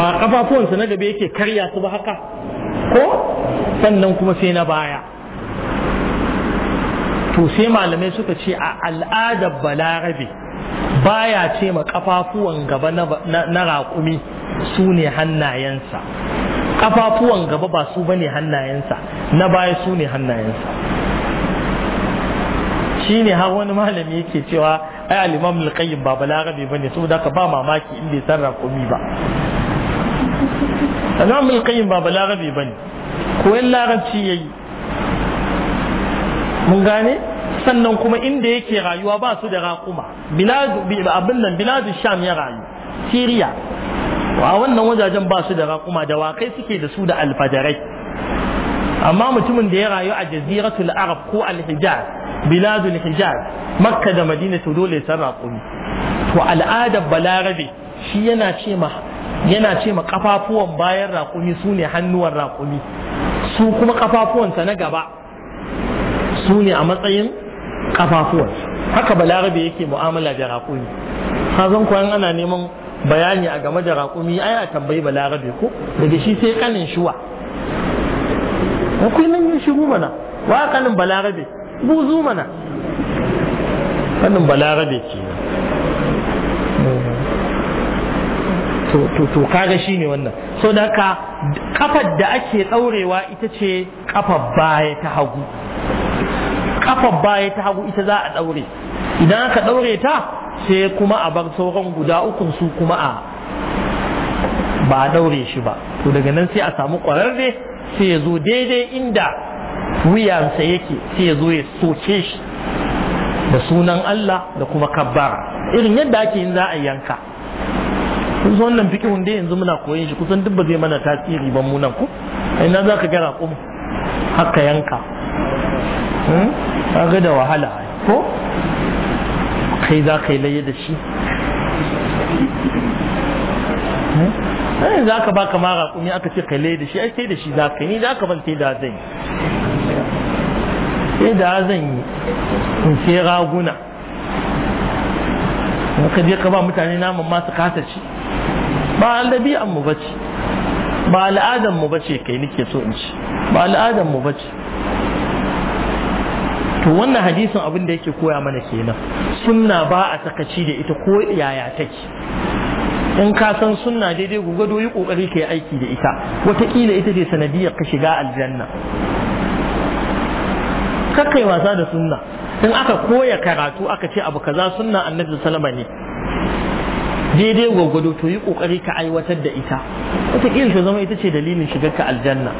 ba kafafuwansa na gaba yake karya su ba haka ko sannan kuma sai na baya to sai malamai suka ce a al'adar balarabe baya ce ma kafafuwan gaba na raƙumi su ne hannayensa kafafuwan gaba ba su bane hannayensa na baya su ne hannayensa shi ne har wani malami yake cewa ai al-imam ba Balarabe ba balarabe bane saboda ka ba mamaki in bai san raƙumi ba al'amul qayyim ba balarabe bane koyan larabci yayi mun gane sannan kuma inda yake rayuwa ba su da raƙuma abin nan biladu sham ya rayu siriya a wannan wajajen ba su da raƙuma da wakai suke da su da alfajarai amma mutumin da ya rayu a jaziratul arab ko alhijaz biladul hijaz makka da madina to dole ya san raƙumi to al'adar balarabe shi yana ce ma yana ce ma kafafuwan bayan raƙumi su ne hannuwan raƙumi su kuma kafafuwansa na gaba su ne a matsayin kafafuwan haka balarabe yake mu'amala da raƙumi hazan kuwa ana neman bayani a game da raƙumi ai a tambayi balarabe ko daga shi sai kanin shuwa akwai nan yin shiru mana wa kanin balarabe buzu mana kanin balarabe ce to kaga shi ne wannan so da ka kafar da ake ɗaurewa ita ce kafar baya ta hagu kafar baya ta hagu ita za a ɗaure idan aka ɗaure ta sai kuma a bar sauran guda uku su kuma a ba a ɗaure shi ba to daga nan sai a samu ƙwararre sai ya zo daidai inda wuyansa yake sai ya zo ya soke shi da sunan Allah da kuma kabbara irin yadda ake yin za a yanka kun zo wannan fiqhun hunde yanzu muna koyon shi kusan duk ba zai mana tasiri ba mu nan ina za ka gara raƙum haka yanka hmm? ga da wahala ko kai za ka yi laye da shi ɗan hmm? za ka baka mara kumi aka ce kai laye da shi ai sai da shi za ka yi ni za ka ban sai da zan yi sai da zan yi in sai raguna ka je ka ba mutane naman masu kasa ci ba ɗabi'an mu bace ba al'adan mu bace kai nake so in ci ba al'adan mu bace to wannan hadisin abin da yake koya mana kenan sunna ba a sakaci da ita ko yaya take in ka san sunna daidai gugado yi kokari kai aiki da ita wataƙila ita ce sanadiyar ka shiga aljanna kakkai wasa da sunna in aka koya karatu aka ce abu kaza sunna annabi sallama ne daidai gwagwado to yi kokari ka aiwatar da ita wata wataƙila ta zama ita ce dalilin shigar ka aljanna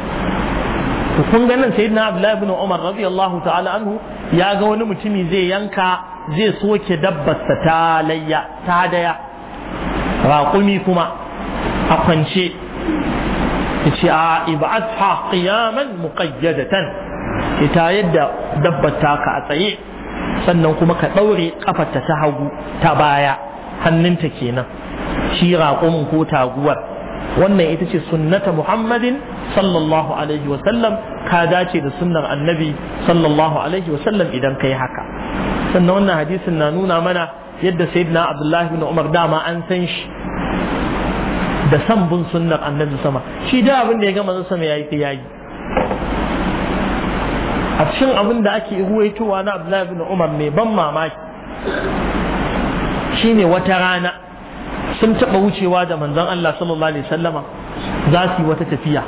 to kun ganin nan sayyidina abdullahi ibn umar radiyallahu ta'ala anhu ya ga wani mutumi zai yanka zai soke dabbarsa ta layya ta daya raƙumi kuma a kwance ya ce a ibadha qiyaman muqayyadatan ita yadda dabbar ka a tsaye sannan kuma ka ɗaure ƙafarta ta hagu ta baya hannunta kenan shi raƙumin ko taguwar wannan ita ce sunnata muhammadin sallallahu alaihi wasallam ka dace da sunnar annabi sallallahu alaihi wasallam idan kai haka sannan wannan hadisin na nuna mana yadda sayyidina abdullahi bin umar dama an san shi da san bin sunnar annabi sama shi da abin da ya gama zan sama yayi sai yayi a cikin abin da ake ruwaitowa na abdullahi bin umar mai ban mamaki shine wata rana sun taɓa wucewa da manzon Allah sallallahu alaihi sallama za su yi wata tafiya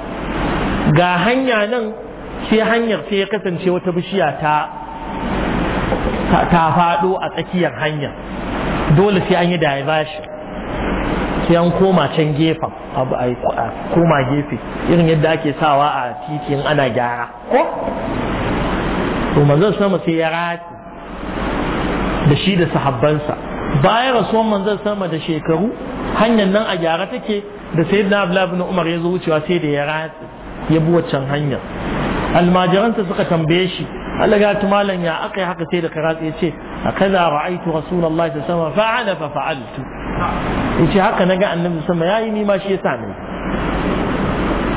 ga hanya nan sai hanyar sai ya kasance wata bishiya ta ta faɗo a tsakiyar hanya dole sai an yi diversion sai an koma can gefen abu a koma gefe irin yadda ake sawa a titi in ana gyara ko to manzon sama sai ya rati da shi da sahabbansa baya rasuwan manzan sama da shekaru hanyar nan a gyara take da sayyidina na ibn umar ya zo wucewa sai da ya ratsi ya bi waccan hanyar almajiransa suka tambaye shi alaga malam ya aka yi haka sai da karatsi ya ce a kaza ra'aitu rasulullah ta sama fa'ala fa fa'altu ya ce haka naga annabi sama yayi ni ma shi ya sami.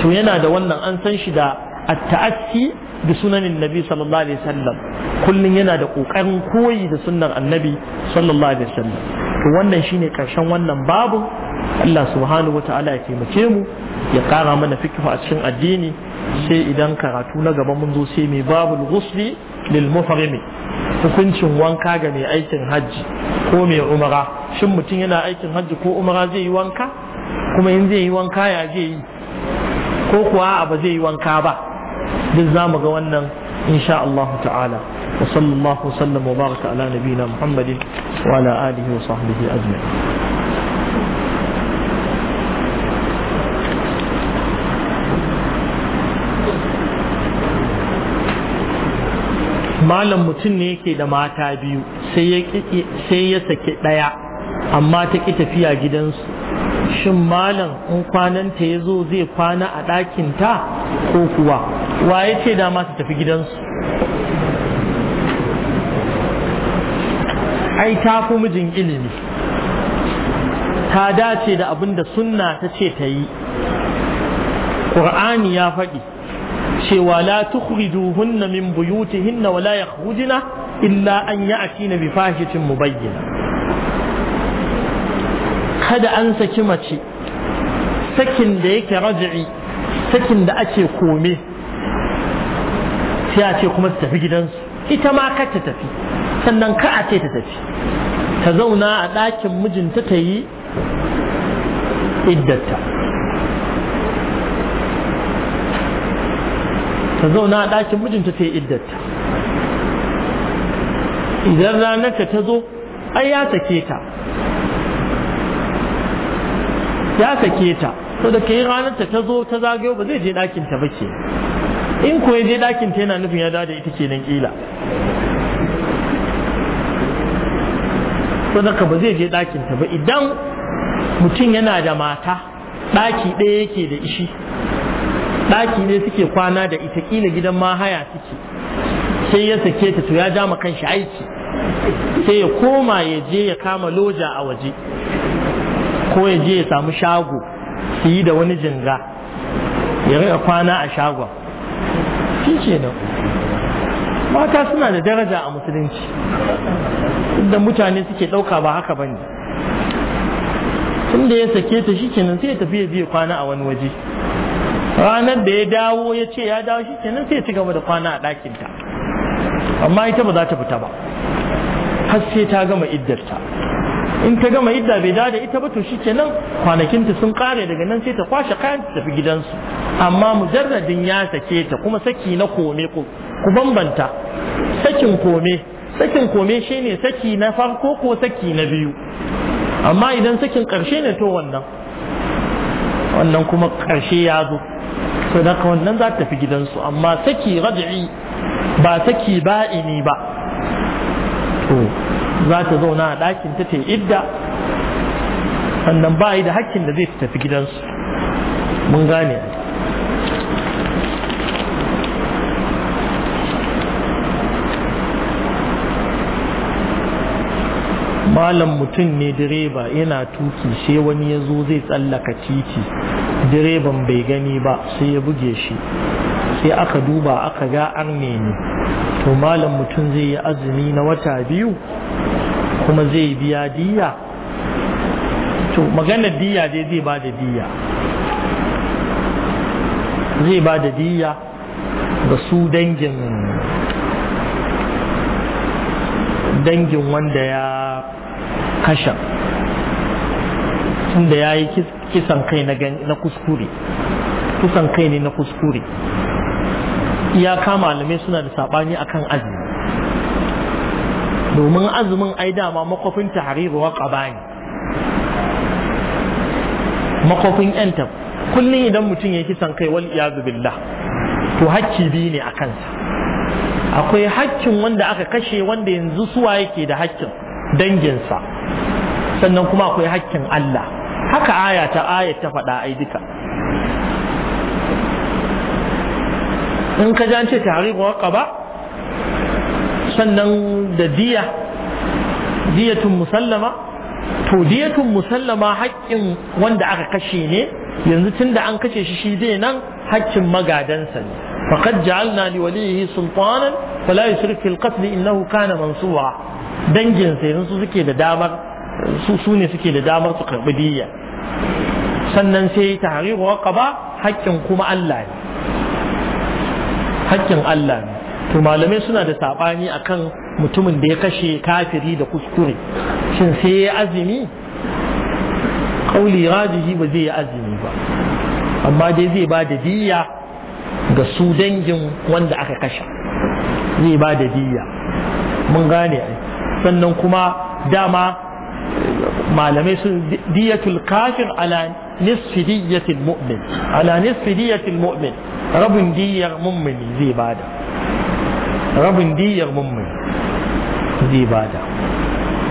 to yana da wannan an san shi da التأسي بسنن النبي صلى الله عليه وسلم كل ينا دا قوقرن كوي دا سنن النبي صلى الله عليه وسلم wannan shine karshen wannan babu Allah subhanahu wataala ya taimake mu ya kara mana fikihu a cikin addini sai idan karatu na gaba mun zo sai mai babul ghusli lil muhrimi hukuncin wanka ga mai aikin hajji ko mai umara shin mutum yana aikin hajji ko umara zai yi wanka kuma in zai yi wanka ya zai yi ko kuwa ba zai yi wanka ba duk za mu ga wannan insha Allah ta'ala wa sallallahu sallam wa baraka ala nabiyina Muhammadin wa ala alihi wa sahbihi ajma'in malam mutum ne yake da mata biyu sai ya saki ɗaya amma ta ki tafiya gidansu shin malam in kwananta ya zo zai kwana a ɗakinta ko kuwa waye ce dama su tafi gidansu ai ta fi mijin ilimi ta dace da abin da sunna ta ce ta yi ƙur'ani ya faɗi cewa la tukhrijuhunna min buyutihinna wa la yakhrujna illa an ya'tina bi fahishatin bayyana. kada an saki mace sakin da yake raj'i sakin da ake kome sai a ce kuma su tafi gidansu ita ma kar ta tafi sannan ka a ce ta tafi ta zauna a ɗakin mijinta ta yi iddata ta zauna a ɗakin mijinta ta yi iddata idan ranarka ta zo ai ya sake ta ya sake ta to da ke ranarta ta zo ta zagayo ba zai je ɗakinta ba ke in ko je ɗakin ta yana nufin ya dawo da ita kenan kila sadaka ba zai je ɗakin ta ba idan mutum yana da mata ɗaki ɗaya yake da ishi ɗaki ne suke kwana da ita kila gidan mahaya suke sai ya sake ta to ya ja ma kanshi aiki sai ya koma ya je ya kama loja a waje ko ya je ya samu shago su yi da wani jinga ya rika kwana a shagon shi kenan mata suna da daraja a musulunci inda mutane suke ɗauka ba haka bane tunda ya sake ta shi kenan sai ya tafi ya biya kwana a wani waje ranar da ya dawo ya ce ya dawo shi kenan sai ya ci gaba da kwana a ɗakinta amma ita ba za ta fita ba har sai ta gama iddarta in ta gama idda bai da ita ba to shi shikenan kwanakinta sun kare daga nan sai ta kwashe kayan ta tafi gidansu amma mujarradin ya sake ta kuma saki na kome ku bambanta sakin kome sakin kome shine saki na farko ko saki na biyu amma idan sakin karshe ne to wannan wannan kuma karshe ya zo to da wannan za ta tafi gidansu amma saki raj'i ba saki ba'ini ba to za ta zauna a ɗakin ta ta idda sannan ba da hakkin da zai tafi gidansu mun gane malam mutum ne direba yana tuki sai wani ya zo zai tsallaka titi direban bai gani ba sai ya buge shi sai aka duba aka ga an ne to malam mutum zai yi azumi na wata biyu kuma zai biya diya to magana diya dai zai ba da diya zai ba da diya ga su dangin dangin wanda ya kashe tunda ya yi kisan kai na kuskure kisan kai ne na kuskure kama malamai suna da saɓani akan azumi domin azumin ai dama makofin tahriru wa qabani Makofin yanta kullum idan mutum ya kisan kai wal iyazu billah to hakki bi ne a kansa akwai hakkin wanda aka kashe wanda yanzu suwa yake da hakkin danginsa sannan kuma akwai hakkin Allah haka aya ta aya ta faɗa ai duka in ka ji ce tahriru wa qaba sannan da diya diyatun musallama to diyatun musallama haƙƙin wanda aka kashe ne yanzu tun da an kashe shi shi dai nan haƙƙin magadansa ne faqad ja'alna li walihi sultanan fala yusrif fil qatl innahu kana mansura dangin sa yanzu suke da damar su su ne suke da damar su karbi diya sannan sai tahriru waqaba haƙƙin kuma Allah ne haƙƙin Allah ne to malamai suna da sabani akan mutumin da ya kashe kafiri da kuskure shin sai ya azumi kauli rajihi ba zai yi azumi ba amma dai zai ba da diya ga su dangin wanda aka kashe zai ba da diya mun gane sannan kuma dama malamai sun diyatul kafir ala nisfi diyatil mu'min ala nisfi diyatil mu'min rabin diyar mummuni zai bada rabin diyar mummai zai bada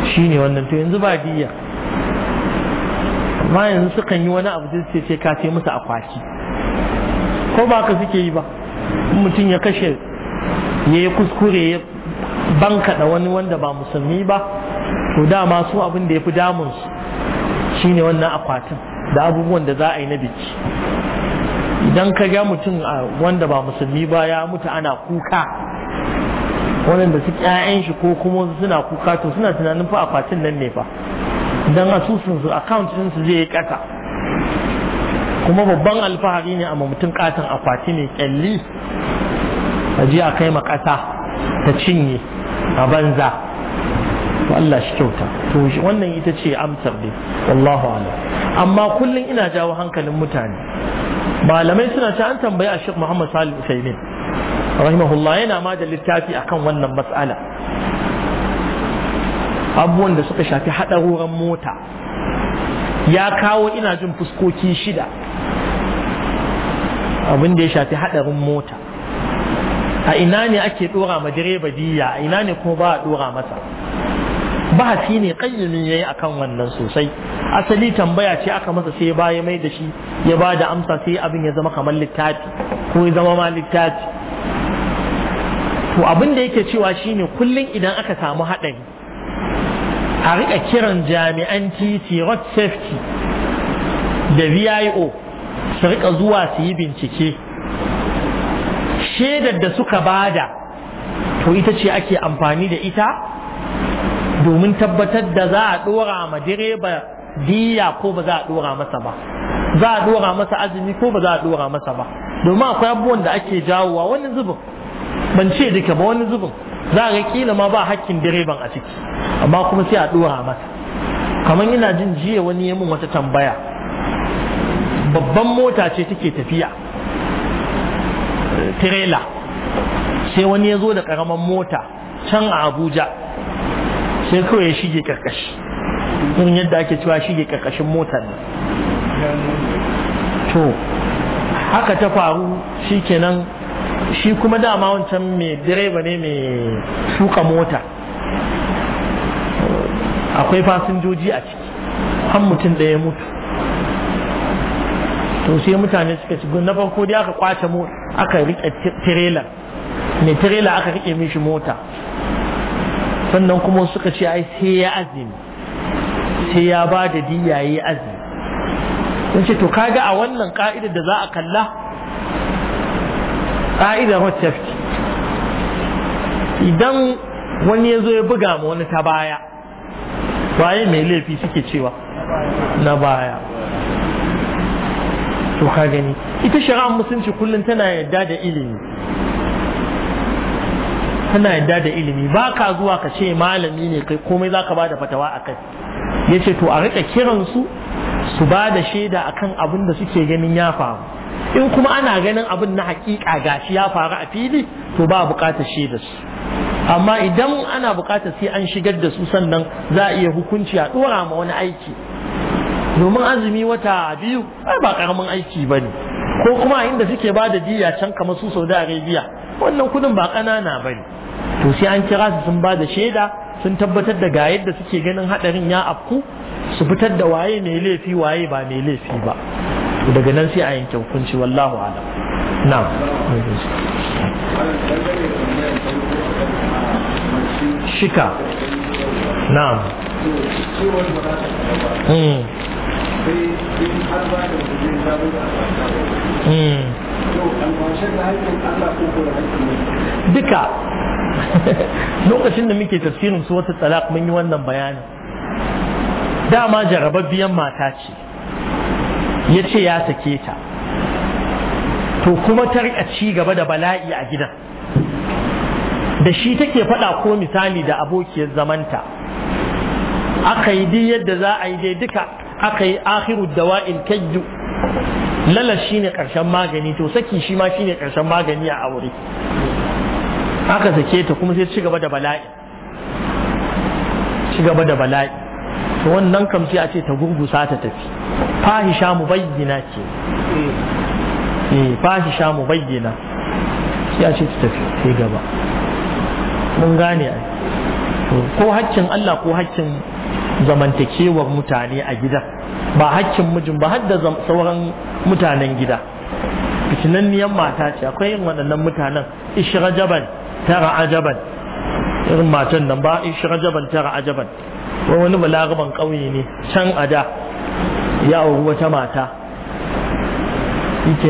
shi ne wannan to yanzu ba diya amma yanzu sukan yi wani abu da ce ka ce musu akwati ko ba ka suke yi ba mutum ya kashe ya yi kuskure ya bankaɗa wani wanda ba musulmi ba to dama su abin da ya fi damunsu shi ne wannan akwatin da abubuwan da za a yi na biki idan ka ga mutum wanda ba musulmi ba ya mutu ana kuka waɗanda su ƴaƴan shi ko kuma suna kuka to suna tunanin fa akwatin nan ne fa dan asusun su account din su zai yi ƙasa kuma babban alfahari ne amma mutum katon akwati ne kyalli a ji a kai makasa ta cinye a banza to Allah shi kyauta to wannan ita ce amsar dai wallahu a'lam amma kullum ina jawo hankalin mutane malamai suna ta an tambayi a Sheikh Muhammad Salih Usaimin rahimahullah yana ma da littafi akan wannan matsala. abubuwan da suka shafi haɗaruran mota ya kawo ina jin fuskoki shida abin da ya shafi haɗarin mota a ina ne ake ɗora ma direba diya a ina ne kuma ba a ɗora masa bahasi ne ƙayyamin ya yi a kan wannan sosai asali tambaya ce aka masa sai baya mai da shi ya ba da amsa sai abin ya zama kamar littafi ko ya zama ma littafi to abin da yake cewa shine kullum idan aka samu haɗari a rika kiran jami'an titi road safety da vio su riƙa zuwa su yi bincike shaidar da suka bada to ita ce ake amfani da ita domin tabbatar da za a ɗora ma direba diya ko ba za a ɗora masa ba za a ɗora masa azumi ko ba za a ɗora masa ba domin akwai abubuwan da ake jawowa wani zubin ban ce duka ba wani zubin za ga kila ma ba hakkin direban a ciki amma kuma sai a dora masa kamar ina jin jiya wani ya wata tambaya babban mota ce take tafiya tirela sai wani ya zo da karaman mota can a abuja sai kawai ya shige karkashi irin yadda ake cewa shige karkashin motar nan to haka ta faru shi shikenan shi kuma dama wancan mai direba ne mai shuka mota akwai fasinjoji a ciki har mutum ɗaya mutu to sai mutane suka ci na farko dai aka kwace mu aka rike tirela mai tirela aka rike mishi mota sannan kuma suka ce ai sai ya azumi sai ya ba da diya ya azumi sun ce to kaga a wannan ka'idar da za a kalla ka'idar tafki idan wani yazo ya buga ma wani ta baya waye mai laifi suke cewa na baya to ka gani ita shari'ar musulunci kullum tana yadda da ilimi tana yadda da ilimi ba ka zuwa ka ce malami ne kai komai za ka ba fatawa a kai to a riƙa kiransu su ba da shaida akan abin da suke ganin ya faru in kuma ana ganin abin na hakika gashi ya faru a fili to ba bukatar da su amma idan ana bukatar sai an shigar da su sannan za a iya hukunci a dora ma wani aiki domin azumi wata biyu ai ba karamin aiki bane ko kuma inda suke ba da diya can kamar su saudi arabia wannan kudin ba ƙanana ba ne to sai an kira su sun ba da shaida sun tabbatar da ga yadda suke ganin hadarin ya afku su fitar da waye mai laifi waye ba mai laifi ba daga nan sai a yanke hukunci wallahu alam na. shika na. Hmm. Hmm. duka lokacin da muke tafsirin su wata talak mun yi wannan bayanin dama jarabar biyan mata ce ya ce ya sake ta to kuma ta a ci gaba da bala'i a gidan da shi take faɗa ko misali da abokiyar zamanta aka yi duk yadda za a yi dai duka aka yi akhiru dawa'il kayyu lalas shine karshen magani to saki shi ma shine karshen magani a aure aka sake ta kuma sai ci gaba da bala'i ci gaba da bala'i wannan kam a ce ta gurgusa ta tafi fahisha mu bayyana ce eh fahisha mu sai a ce ta tafi sai gaba mun gane ai ko haccin Allah ko haccin zamantakewar mutane a gida ba haccin mijin ba har da sauran mutanen gida niyan mata ce akwai yin waɗannan mutanen jaban tara ajaban irin matan nan ba jaban tara ajaban wani balagaban ƙauye ne can a da ya auri wata mata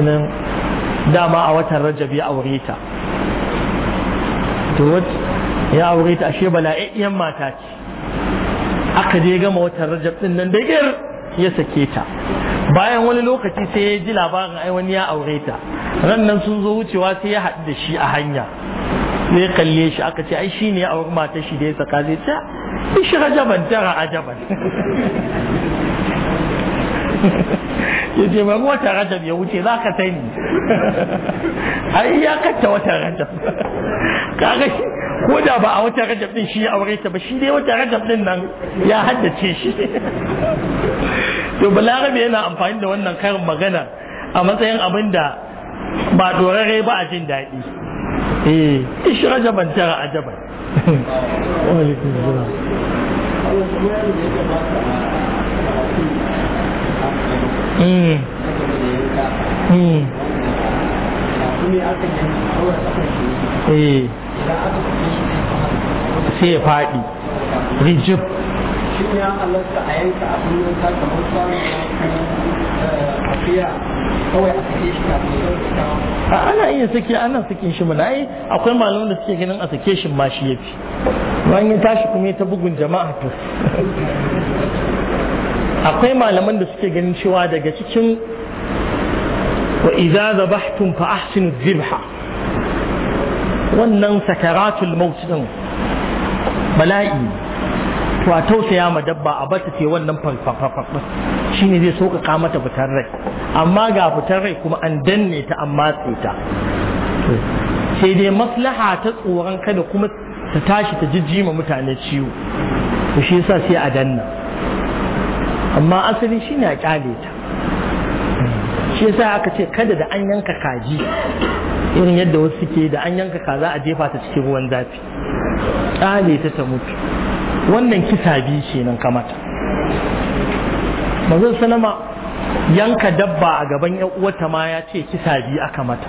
nan dama a watan rajab ya aure ta to ya aure ta ashe bala'iyyan mata ce aka je gama watan rajab din nan da ya sake ta bayan wani lokaci sai ya ji labarin ai wani ya aure ta rannan sun zo wucewa sai ya haɗu da shi a hanya sai kalle shi aka ce ai shi ne ya wurin mata shi da ya saka zai ta ishi rajaban tara ajaban ya ce mu wata rajab ya wuce za ka sani ai ya wata rajab kaga ko da ba a wata rajab din shi aure ta ba shi dai wata rajab din nan ya haddace shi to balarabe yana amfani da wannan karin magana a matsayin abin da ba dorare ba a jin daɗi eh ishi rajaban tara ajaban Eh. Eh. Eh. sai ya a ana iya ana sakin shi mana yi akwai malaman da suke ganin a sake shi ma shi yafi bayan ya tashi kuma ta bugun jama'a ta. akwai malaman da suke ganin cewa daga cikin wa idza zabahtum fa ahsinu zibha. wannan sakaratul maut din bala'i to a tausaya ma dabba a bata ce wannan farfafafa shine zai sauƙaƙa mata fitar rai amma ga fitar rai kuma an danne ta an matse ta sai dai maslaha ta tsoron kada kuma ta tashi ta jijjima mutane ciwo to shi yasa sai a danna amma asali shi ne a kyale ta shi yasa aka ce kada da an yanka kaji irin yadda wasu suke da an yanka kaza a jefa ta cikin ruwan zafi kyale ta ta mutu wannan kisa biyu kenan kamata mazan sanama yanka dabba a gaban yan uwata ma ya ce kisa biyu aka mata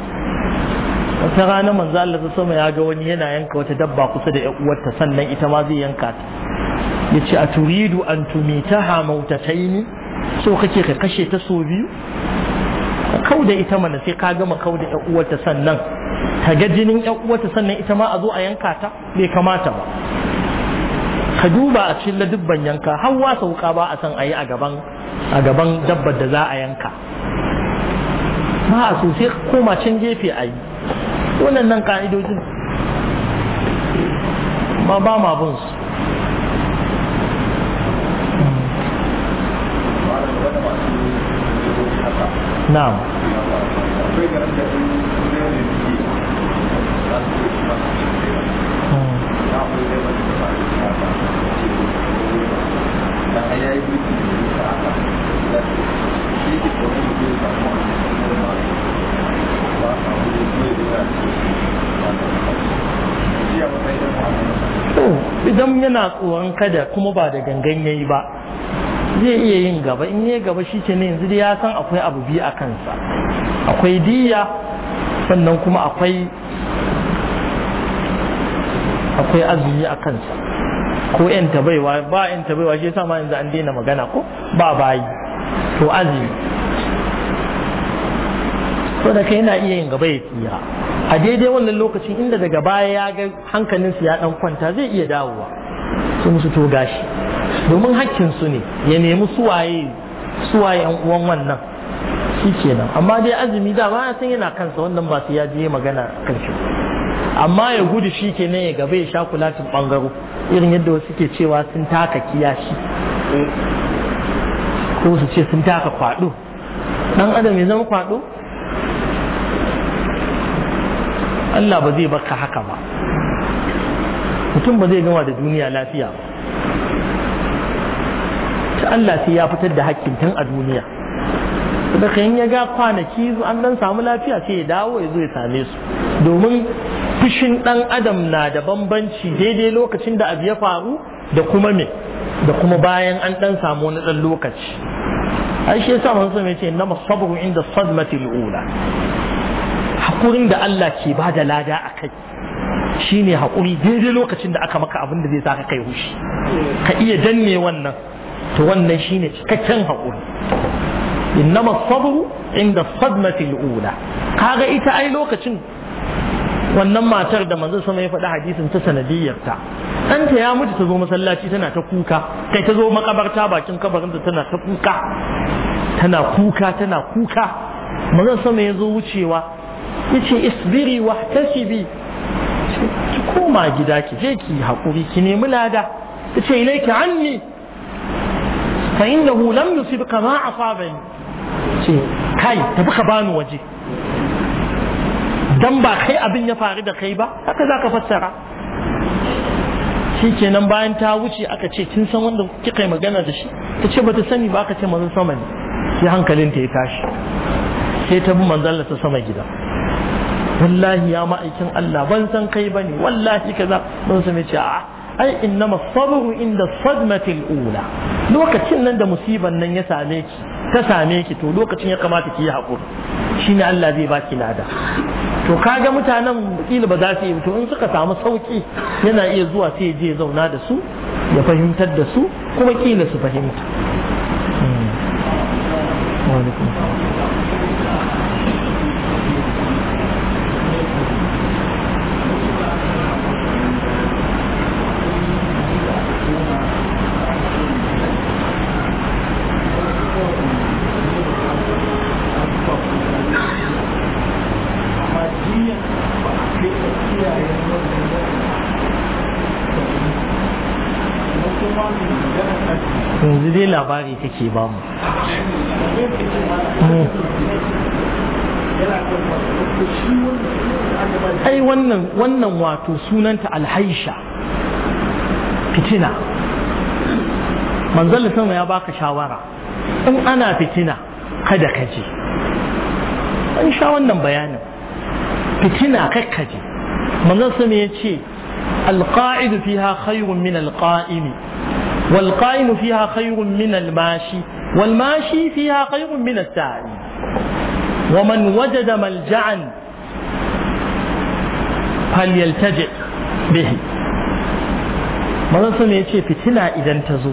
wata rana manzo Allah sama ya ga wani yana yanka wata dabba kusa da yan uwarta sannan ita ma zai yanka ta yace a turidu an yi mautataini so kake ka kashe ta so biyu kau da ita mana sai ka gama kau da uwarta sannan ka ga jinin uwarta sannan ita ma a zo a yanka ta bai kamata ba ka duba a cikin ladubban yanka hawa sauka ba a san a yi a gaban dabba dabbar da za a yanka ba a so sai koma can gefe a yi wannan nan ka'idojin ba ba ma bin su na'am oh, idan yana tsoron kada kuma ba da gangan yayi ba zai iya yin gaba in yi gaba shi ce ne yanzu da ya san akwai abu biyu a kansa akwai diya sannan kuma akwai akwai azumi a kansa ko yan tabaiwa ba yan tabaiwa shi yasa ma yanzu an daina magana ko ba bayi to azumi so da kai yana iya yin gaba ya tsira a daidai wannan lokacin inda daga baya ya ga hankalinsa ya dan kwanta zai iya dawowa sun su to gashi domin hakkin su ne ya nemi suwaye suwaye yan uwan wannan shi kenan amma dai azumi da ba san yana kansa wannan ba su ya je magana kan amma ya gudu shi kenan ya gaba ya sha kulatin bangaro irin yadda wasu ke cewa sun taka kiyashi ko su ce sun taka kwado dan adam ya zama kwado Allah ba zai baka haka ba mutum ba zai gama da duniya lafiya ba shi Allah sai ya fitar da hakkin tun a duniya da kan ya ga kwanaki an dan samu lafiya sai ya dawo ya zo ya same su domin fushin dan adam na da bambanci daidai lokacin da abu ya faru da kuma me da kuma bayan an dan samu wani dan lokaci ai shi yasa manzo mai ce inna sabru inda sadmati alula hakurin da Allah ke ba da lada a kai shine hakuri daidai lokacin da aka maka abin da zai saka kai hushi ka iya danne wannan to wannan shine cikakken haƙuri innama sabru inda sadmati ula. kaga ita ai lokacin wannan matar da manzon sama ya faɗi hadisin ta sanadiyyarta ɗanta ya mutu ta zo masallaci tana ta kuka kai ta zo makabarta bakin kabarinta tana ta kuka tana kuka tana kuka manzon sama ya zo wucewa ya ce isbiri wa tasibi ki koma gida ki je ki haƙuri ki nemi lada ya ce ilaiki anni fa innahu lam yusibka ma asabani ce kai tafi ka bani waje dan ba kai abin ya faru da kai ba haka za ka fassara shi kenan bayan ta wuce aka ce kin san wanda kika yi magana da shi ta ce bata sani ba aka ce manzon sama ne sai hankalin ta ya tashi sai ta bi manzon ta sama gida wallahi ya ma'aikin Allah ban san kai bane wallahi kaza ban san ce a'a ai mafabru in inda sadmatil ula lokacin nan da musiban nan ya same ki ta same ki to lokacin ya kamata ki yi shi shine Allah zai baki lada to kaga mutanen kila ba za su yi to in suka samu sauki yana iya zuwa sai je zauna da su ya fahimtar da su kuma kila su fahimta hmm. ba mu hmm. ai wannan wannan wato sunanta alhaisha fitina manzon sama ya baka shawara in ana fitina kada ka je an sha wannan bayanin fitina kakka je manzon sama ya ce alqa'idu fiha khayrun min alqa'imi والقائم فيها خير من الماشي والماشي فيها خير من السعي ومن وجد ملجعا فليلتجئ به manzon ya ce fitina idan ta zo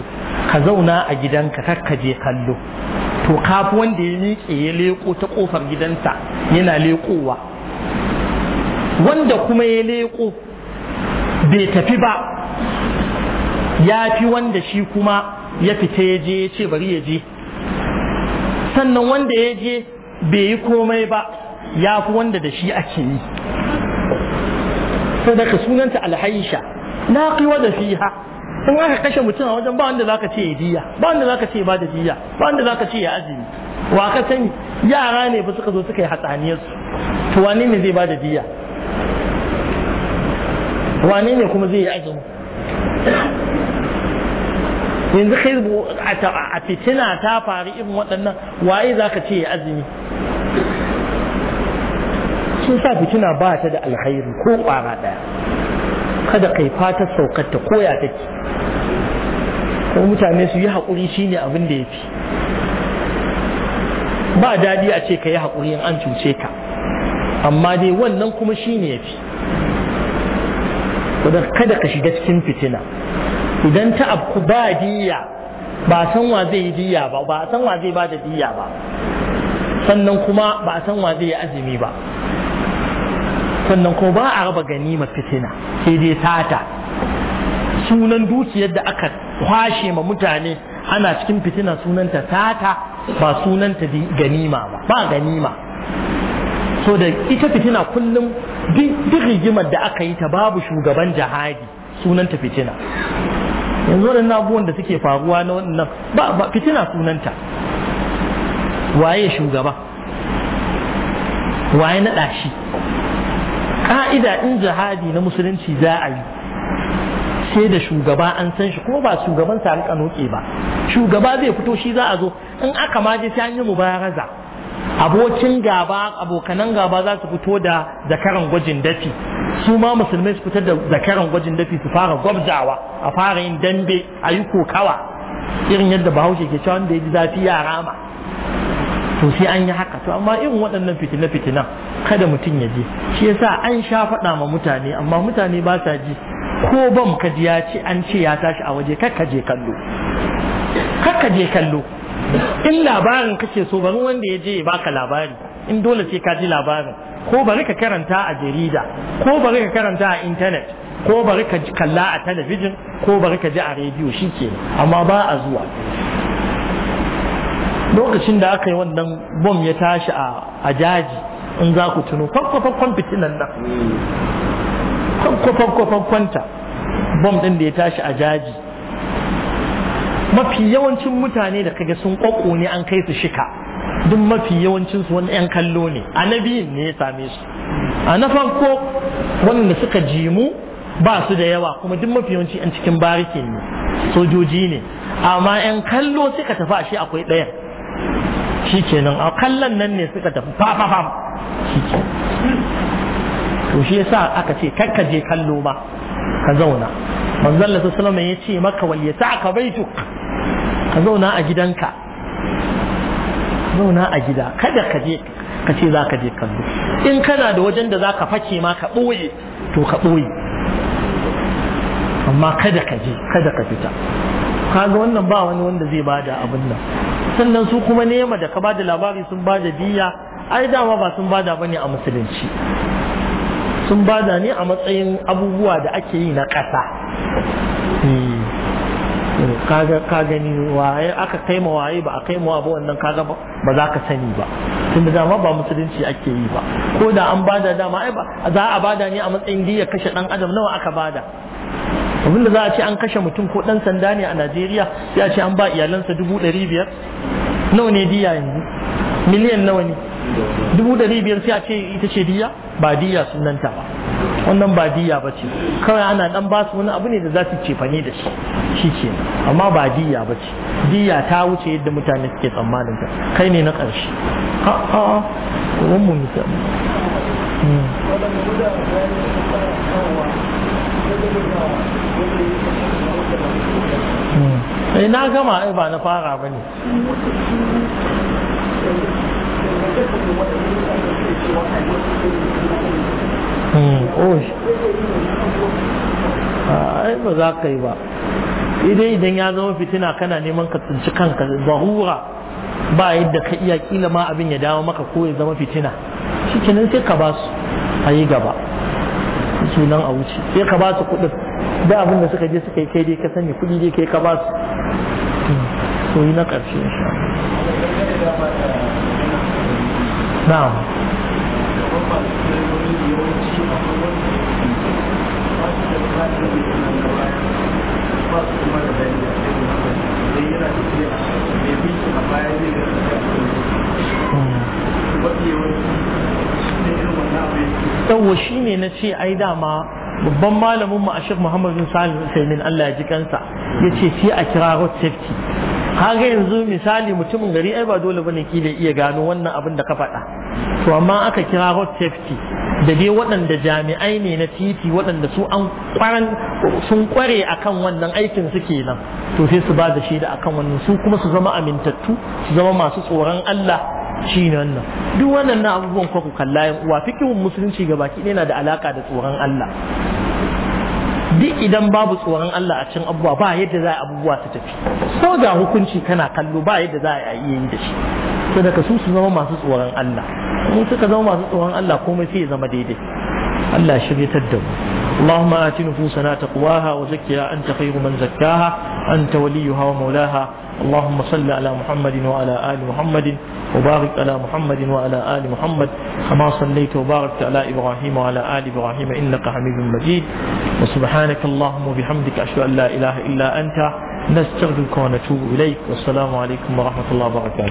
ka zauna a gidanka kakka je kallo to kafi wanda ya miƙe ya leƙo ta ƙofar gidansa yana leƙowa wanda kuma ya leƙo bai tafi ba ya fi wanda shi kuma ya fita ya je ya ce bari ya je sannan wanda ya je bai yi komai ba ya fi wanda da shi ake yi sadaka sunanta alhaisha na kiwa da fiha sun aka kashe mutum a wajen ba wanda zaka ce ya jiya ba wanda zaka ce ba da jiya ba wanda zaka ce ya azumi wa ka sani yara ne ba suka zo suka yi hatsaniyar su to wane ne zai ba da jiya wane ne kuma zai yi azumi yanzu hizbu a fitina ta faru irin waɗannan waye za ka ce ya azumi sun sa fitina ba ta da alkhairi ko ƙwara ɗaya kada kai fatar saukarta ko ya take ko mutane su yi haƙuri shine abin da ya fi ba daɗi a ce ka yi haƙuri in an cuce ka amma dai wannan kuma shi ne ya fi kada ka shiga cikin fitina idan ta abku ba diya ba san wa zai yi diya ba ba san wa zai ba da diya ba sannan kuma ba san wa zai yi azumi ba sannan kuma ba a raba ganima fitina sai dai sata sunan dukiyar da aka kwashe ma mutane ana cikin fitina sunanta sata ba sunanta ganima ba ba ganima so da ita fitina kullum duk rigimar da aka yi ta babu shugaban jihadi sunanta fitina yanzu waɗannan abubuwan da suke faruwa na wannan ba ba fitina sunanta waye shugaba waye naɗa shi ƙa'ida in jihadi na musulunci za a yi sai da shugaba an san shi kuma ba shugaban sa rika noke ba shugaba zai fito shi za a zo in aka ma je sai an yi mubaraza Abokin gaba abokanan gaba za su fito da zakaran gwajin dafi su ma musulmai su fitar da zakaran gwajin dafi su fara gwabzawa a fara yin dambe a yi kokawa irin yadda bahaushe ke cewa wanda ya ji zafi ya rama to sai an yi haka to amma irin waɗannan fitina fitinan kada mutum ya je shi yasa an sha faɗa ma mutane amma mutane ba sa ji ko bam kaji ji ya ce an ce ya tashi a waje kakka je kallo kakka je kallo in labarin kake so bari wanda ya je ya baka labari in dole sai ka ji labarin ko bari ka karanta a jarida ko bari ka karanta a intanet ko bari ka kalla a talabijin ko bari ka ji a rediyo shi ke amma ba a zuwa lokacin da aka yi wannan bom ya tashi a jaji in za ku tuno farko fitinan nan farko farko bom ɗin da ya tashi a jaji mafi yawancin mutane da kaga sun ƙwaƙo ne an kai su shika duk mafi yawancin su wani 'yan kallo ne a ne ya same su a na farko wanda suka jimu ba su da yawa kuma duk mafi yawanci 'yan cikin bariki ne sojoji ne amma 'yan kallo suka tafi a shi akwai ɗayan shi kenan a kallon nan ne suka tafi fa shi kenan to shi yasa aka ce kakka je kallo ba ka zauna manzon Allah sallallahu alaihi ya ce maka wal yata'aka baituk ka zauna a gidanka zauna a gida kada ka je ka ce za ka je kallo in kana da wajen da za ka fake ma ka ɓoye to ka ɓoye amma kada ka je kada ka fita kaga wannan ba wani wanda zai bada abin nan sannan su kuma nema da ka ba da labari sun bada biya, ai dama ba sun bada bane a musulunci sun bada ne a matsayin abubuwa da ake yi na ƙasa hmm. Hmm. ka gani waye aka kai ma waye ba a kai ma ba wannan kaga ba za ka sani ba tunda dama ba musulunci ake yi ba ko da an bada dama ai ba za a bada ne a matsayin diya kashe dan adam nawa aka bada abinda za a ce an kashe mutum ko dan sanda ne a Najeriya ya ce an ba iyalansa dubu ɗari biyar nawa ne diya yanzu miliyan nawa ne dubu ɗari biyar sai a ce ita ce diya ba diya sunanta ba wannan ba diya ba ce kawai ana dan ba su wani abu ne da za su cefane da shi shi ke amma ba diya ba ce diya ta wuce yadda mutane suke tsammanin ta kai ne na ƙarshe a hmm. hmm. eh, na gama ai ba na fara ba ne Hmm, ai ba za ka yi ba idan idan ya zama fitina kana neman ka tsinci kanka hura ba yadda ka iya kila ma abin ya dawo maka ko ya zama fitina shi kenan sai ka ba su a yi gaba sunan a wuce sai ka ba su kuɗin da abin da suka je suka yi kai dai ka sani kudi dai kai ka ba su hmm, to yi na ƙarshe insha Allah na'am yawwa shi ne na ce ai dama babban malamin mu a shek muhammad bin salim usaimin allah ya ji kansa ya ce sai a kira road safety kaga yanzu misali mutumin gari ai ba dole bane kila iya gano wannan abin da ka faɗa to amma aka kira road safety da dai waɗanda jami'ai ne na titi waɗanda su an kwaran sun kware akan wannan aikin su kenan to sai su ba da shaida akan wannan su kuma su zama amintattu su zama masu tsoron Allah shine wannan duk wannan abubuwan ku kalla yan uwa fikihun musulunci ga baki yana da alaka da tsoron Allah duk idan babu tsoron Allah a can abubuwa ba yadda za a abubuwa su tafi ko da hukunci kana kallo ba yadda za a iya yi da shi to daga su su zama masu tsoron Allah mu suka zama masu tsoron Allah komai sai ya zama daidai Allah shiryatar da mu اللهم آت نفوسنا تقواها وزكها أنت خير من زكاها أنت وليها ومولاها اللهم صل على محمد وعلى آل محمد وبارك على محمد وعلى آل محمد كما صليت وباركت على إبراهيم وعلى آل إبراهيم إنك حميد مجيد وسبحانك اللهم وبحمدك أشهد أن لا إله إلا أنت نستغفرك ونتوب إليك والسلام عليكم ورحمة الله وبركاته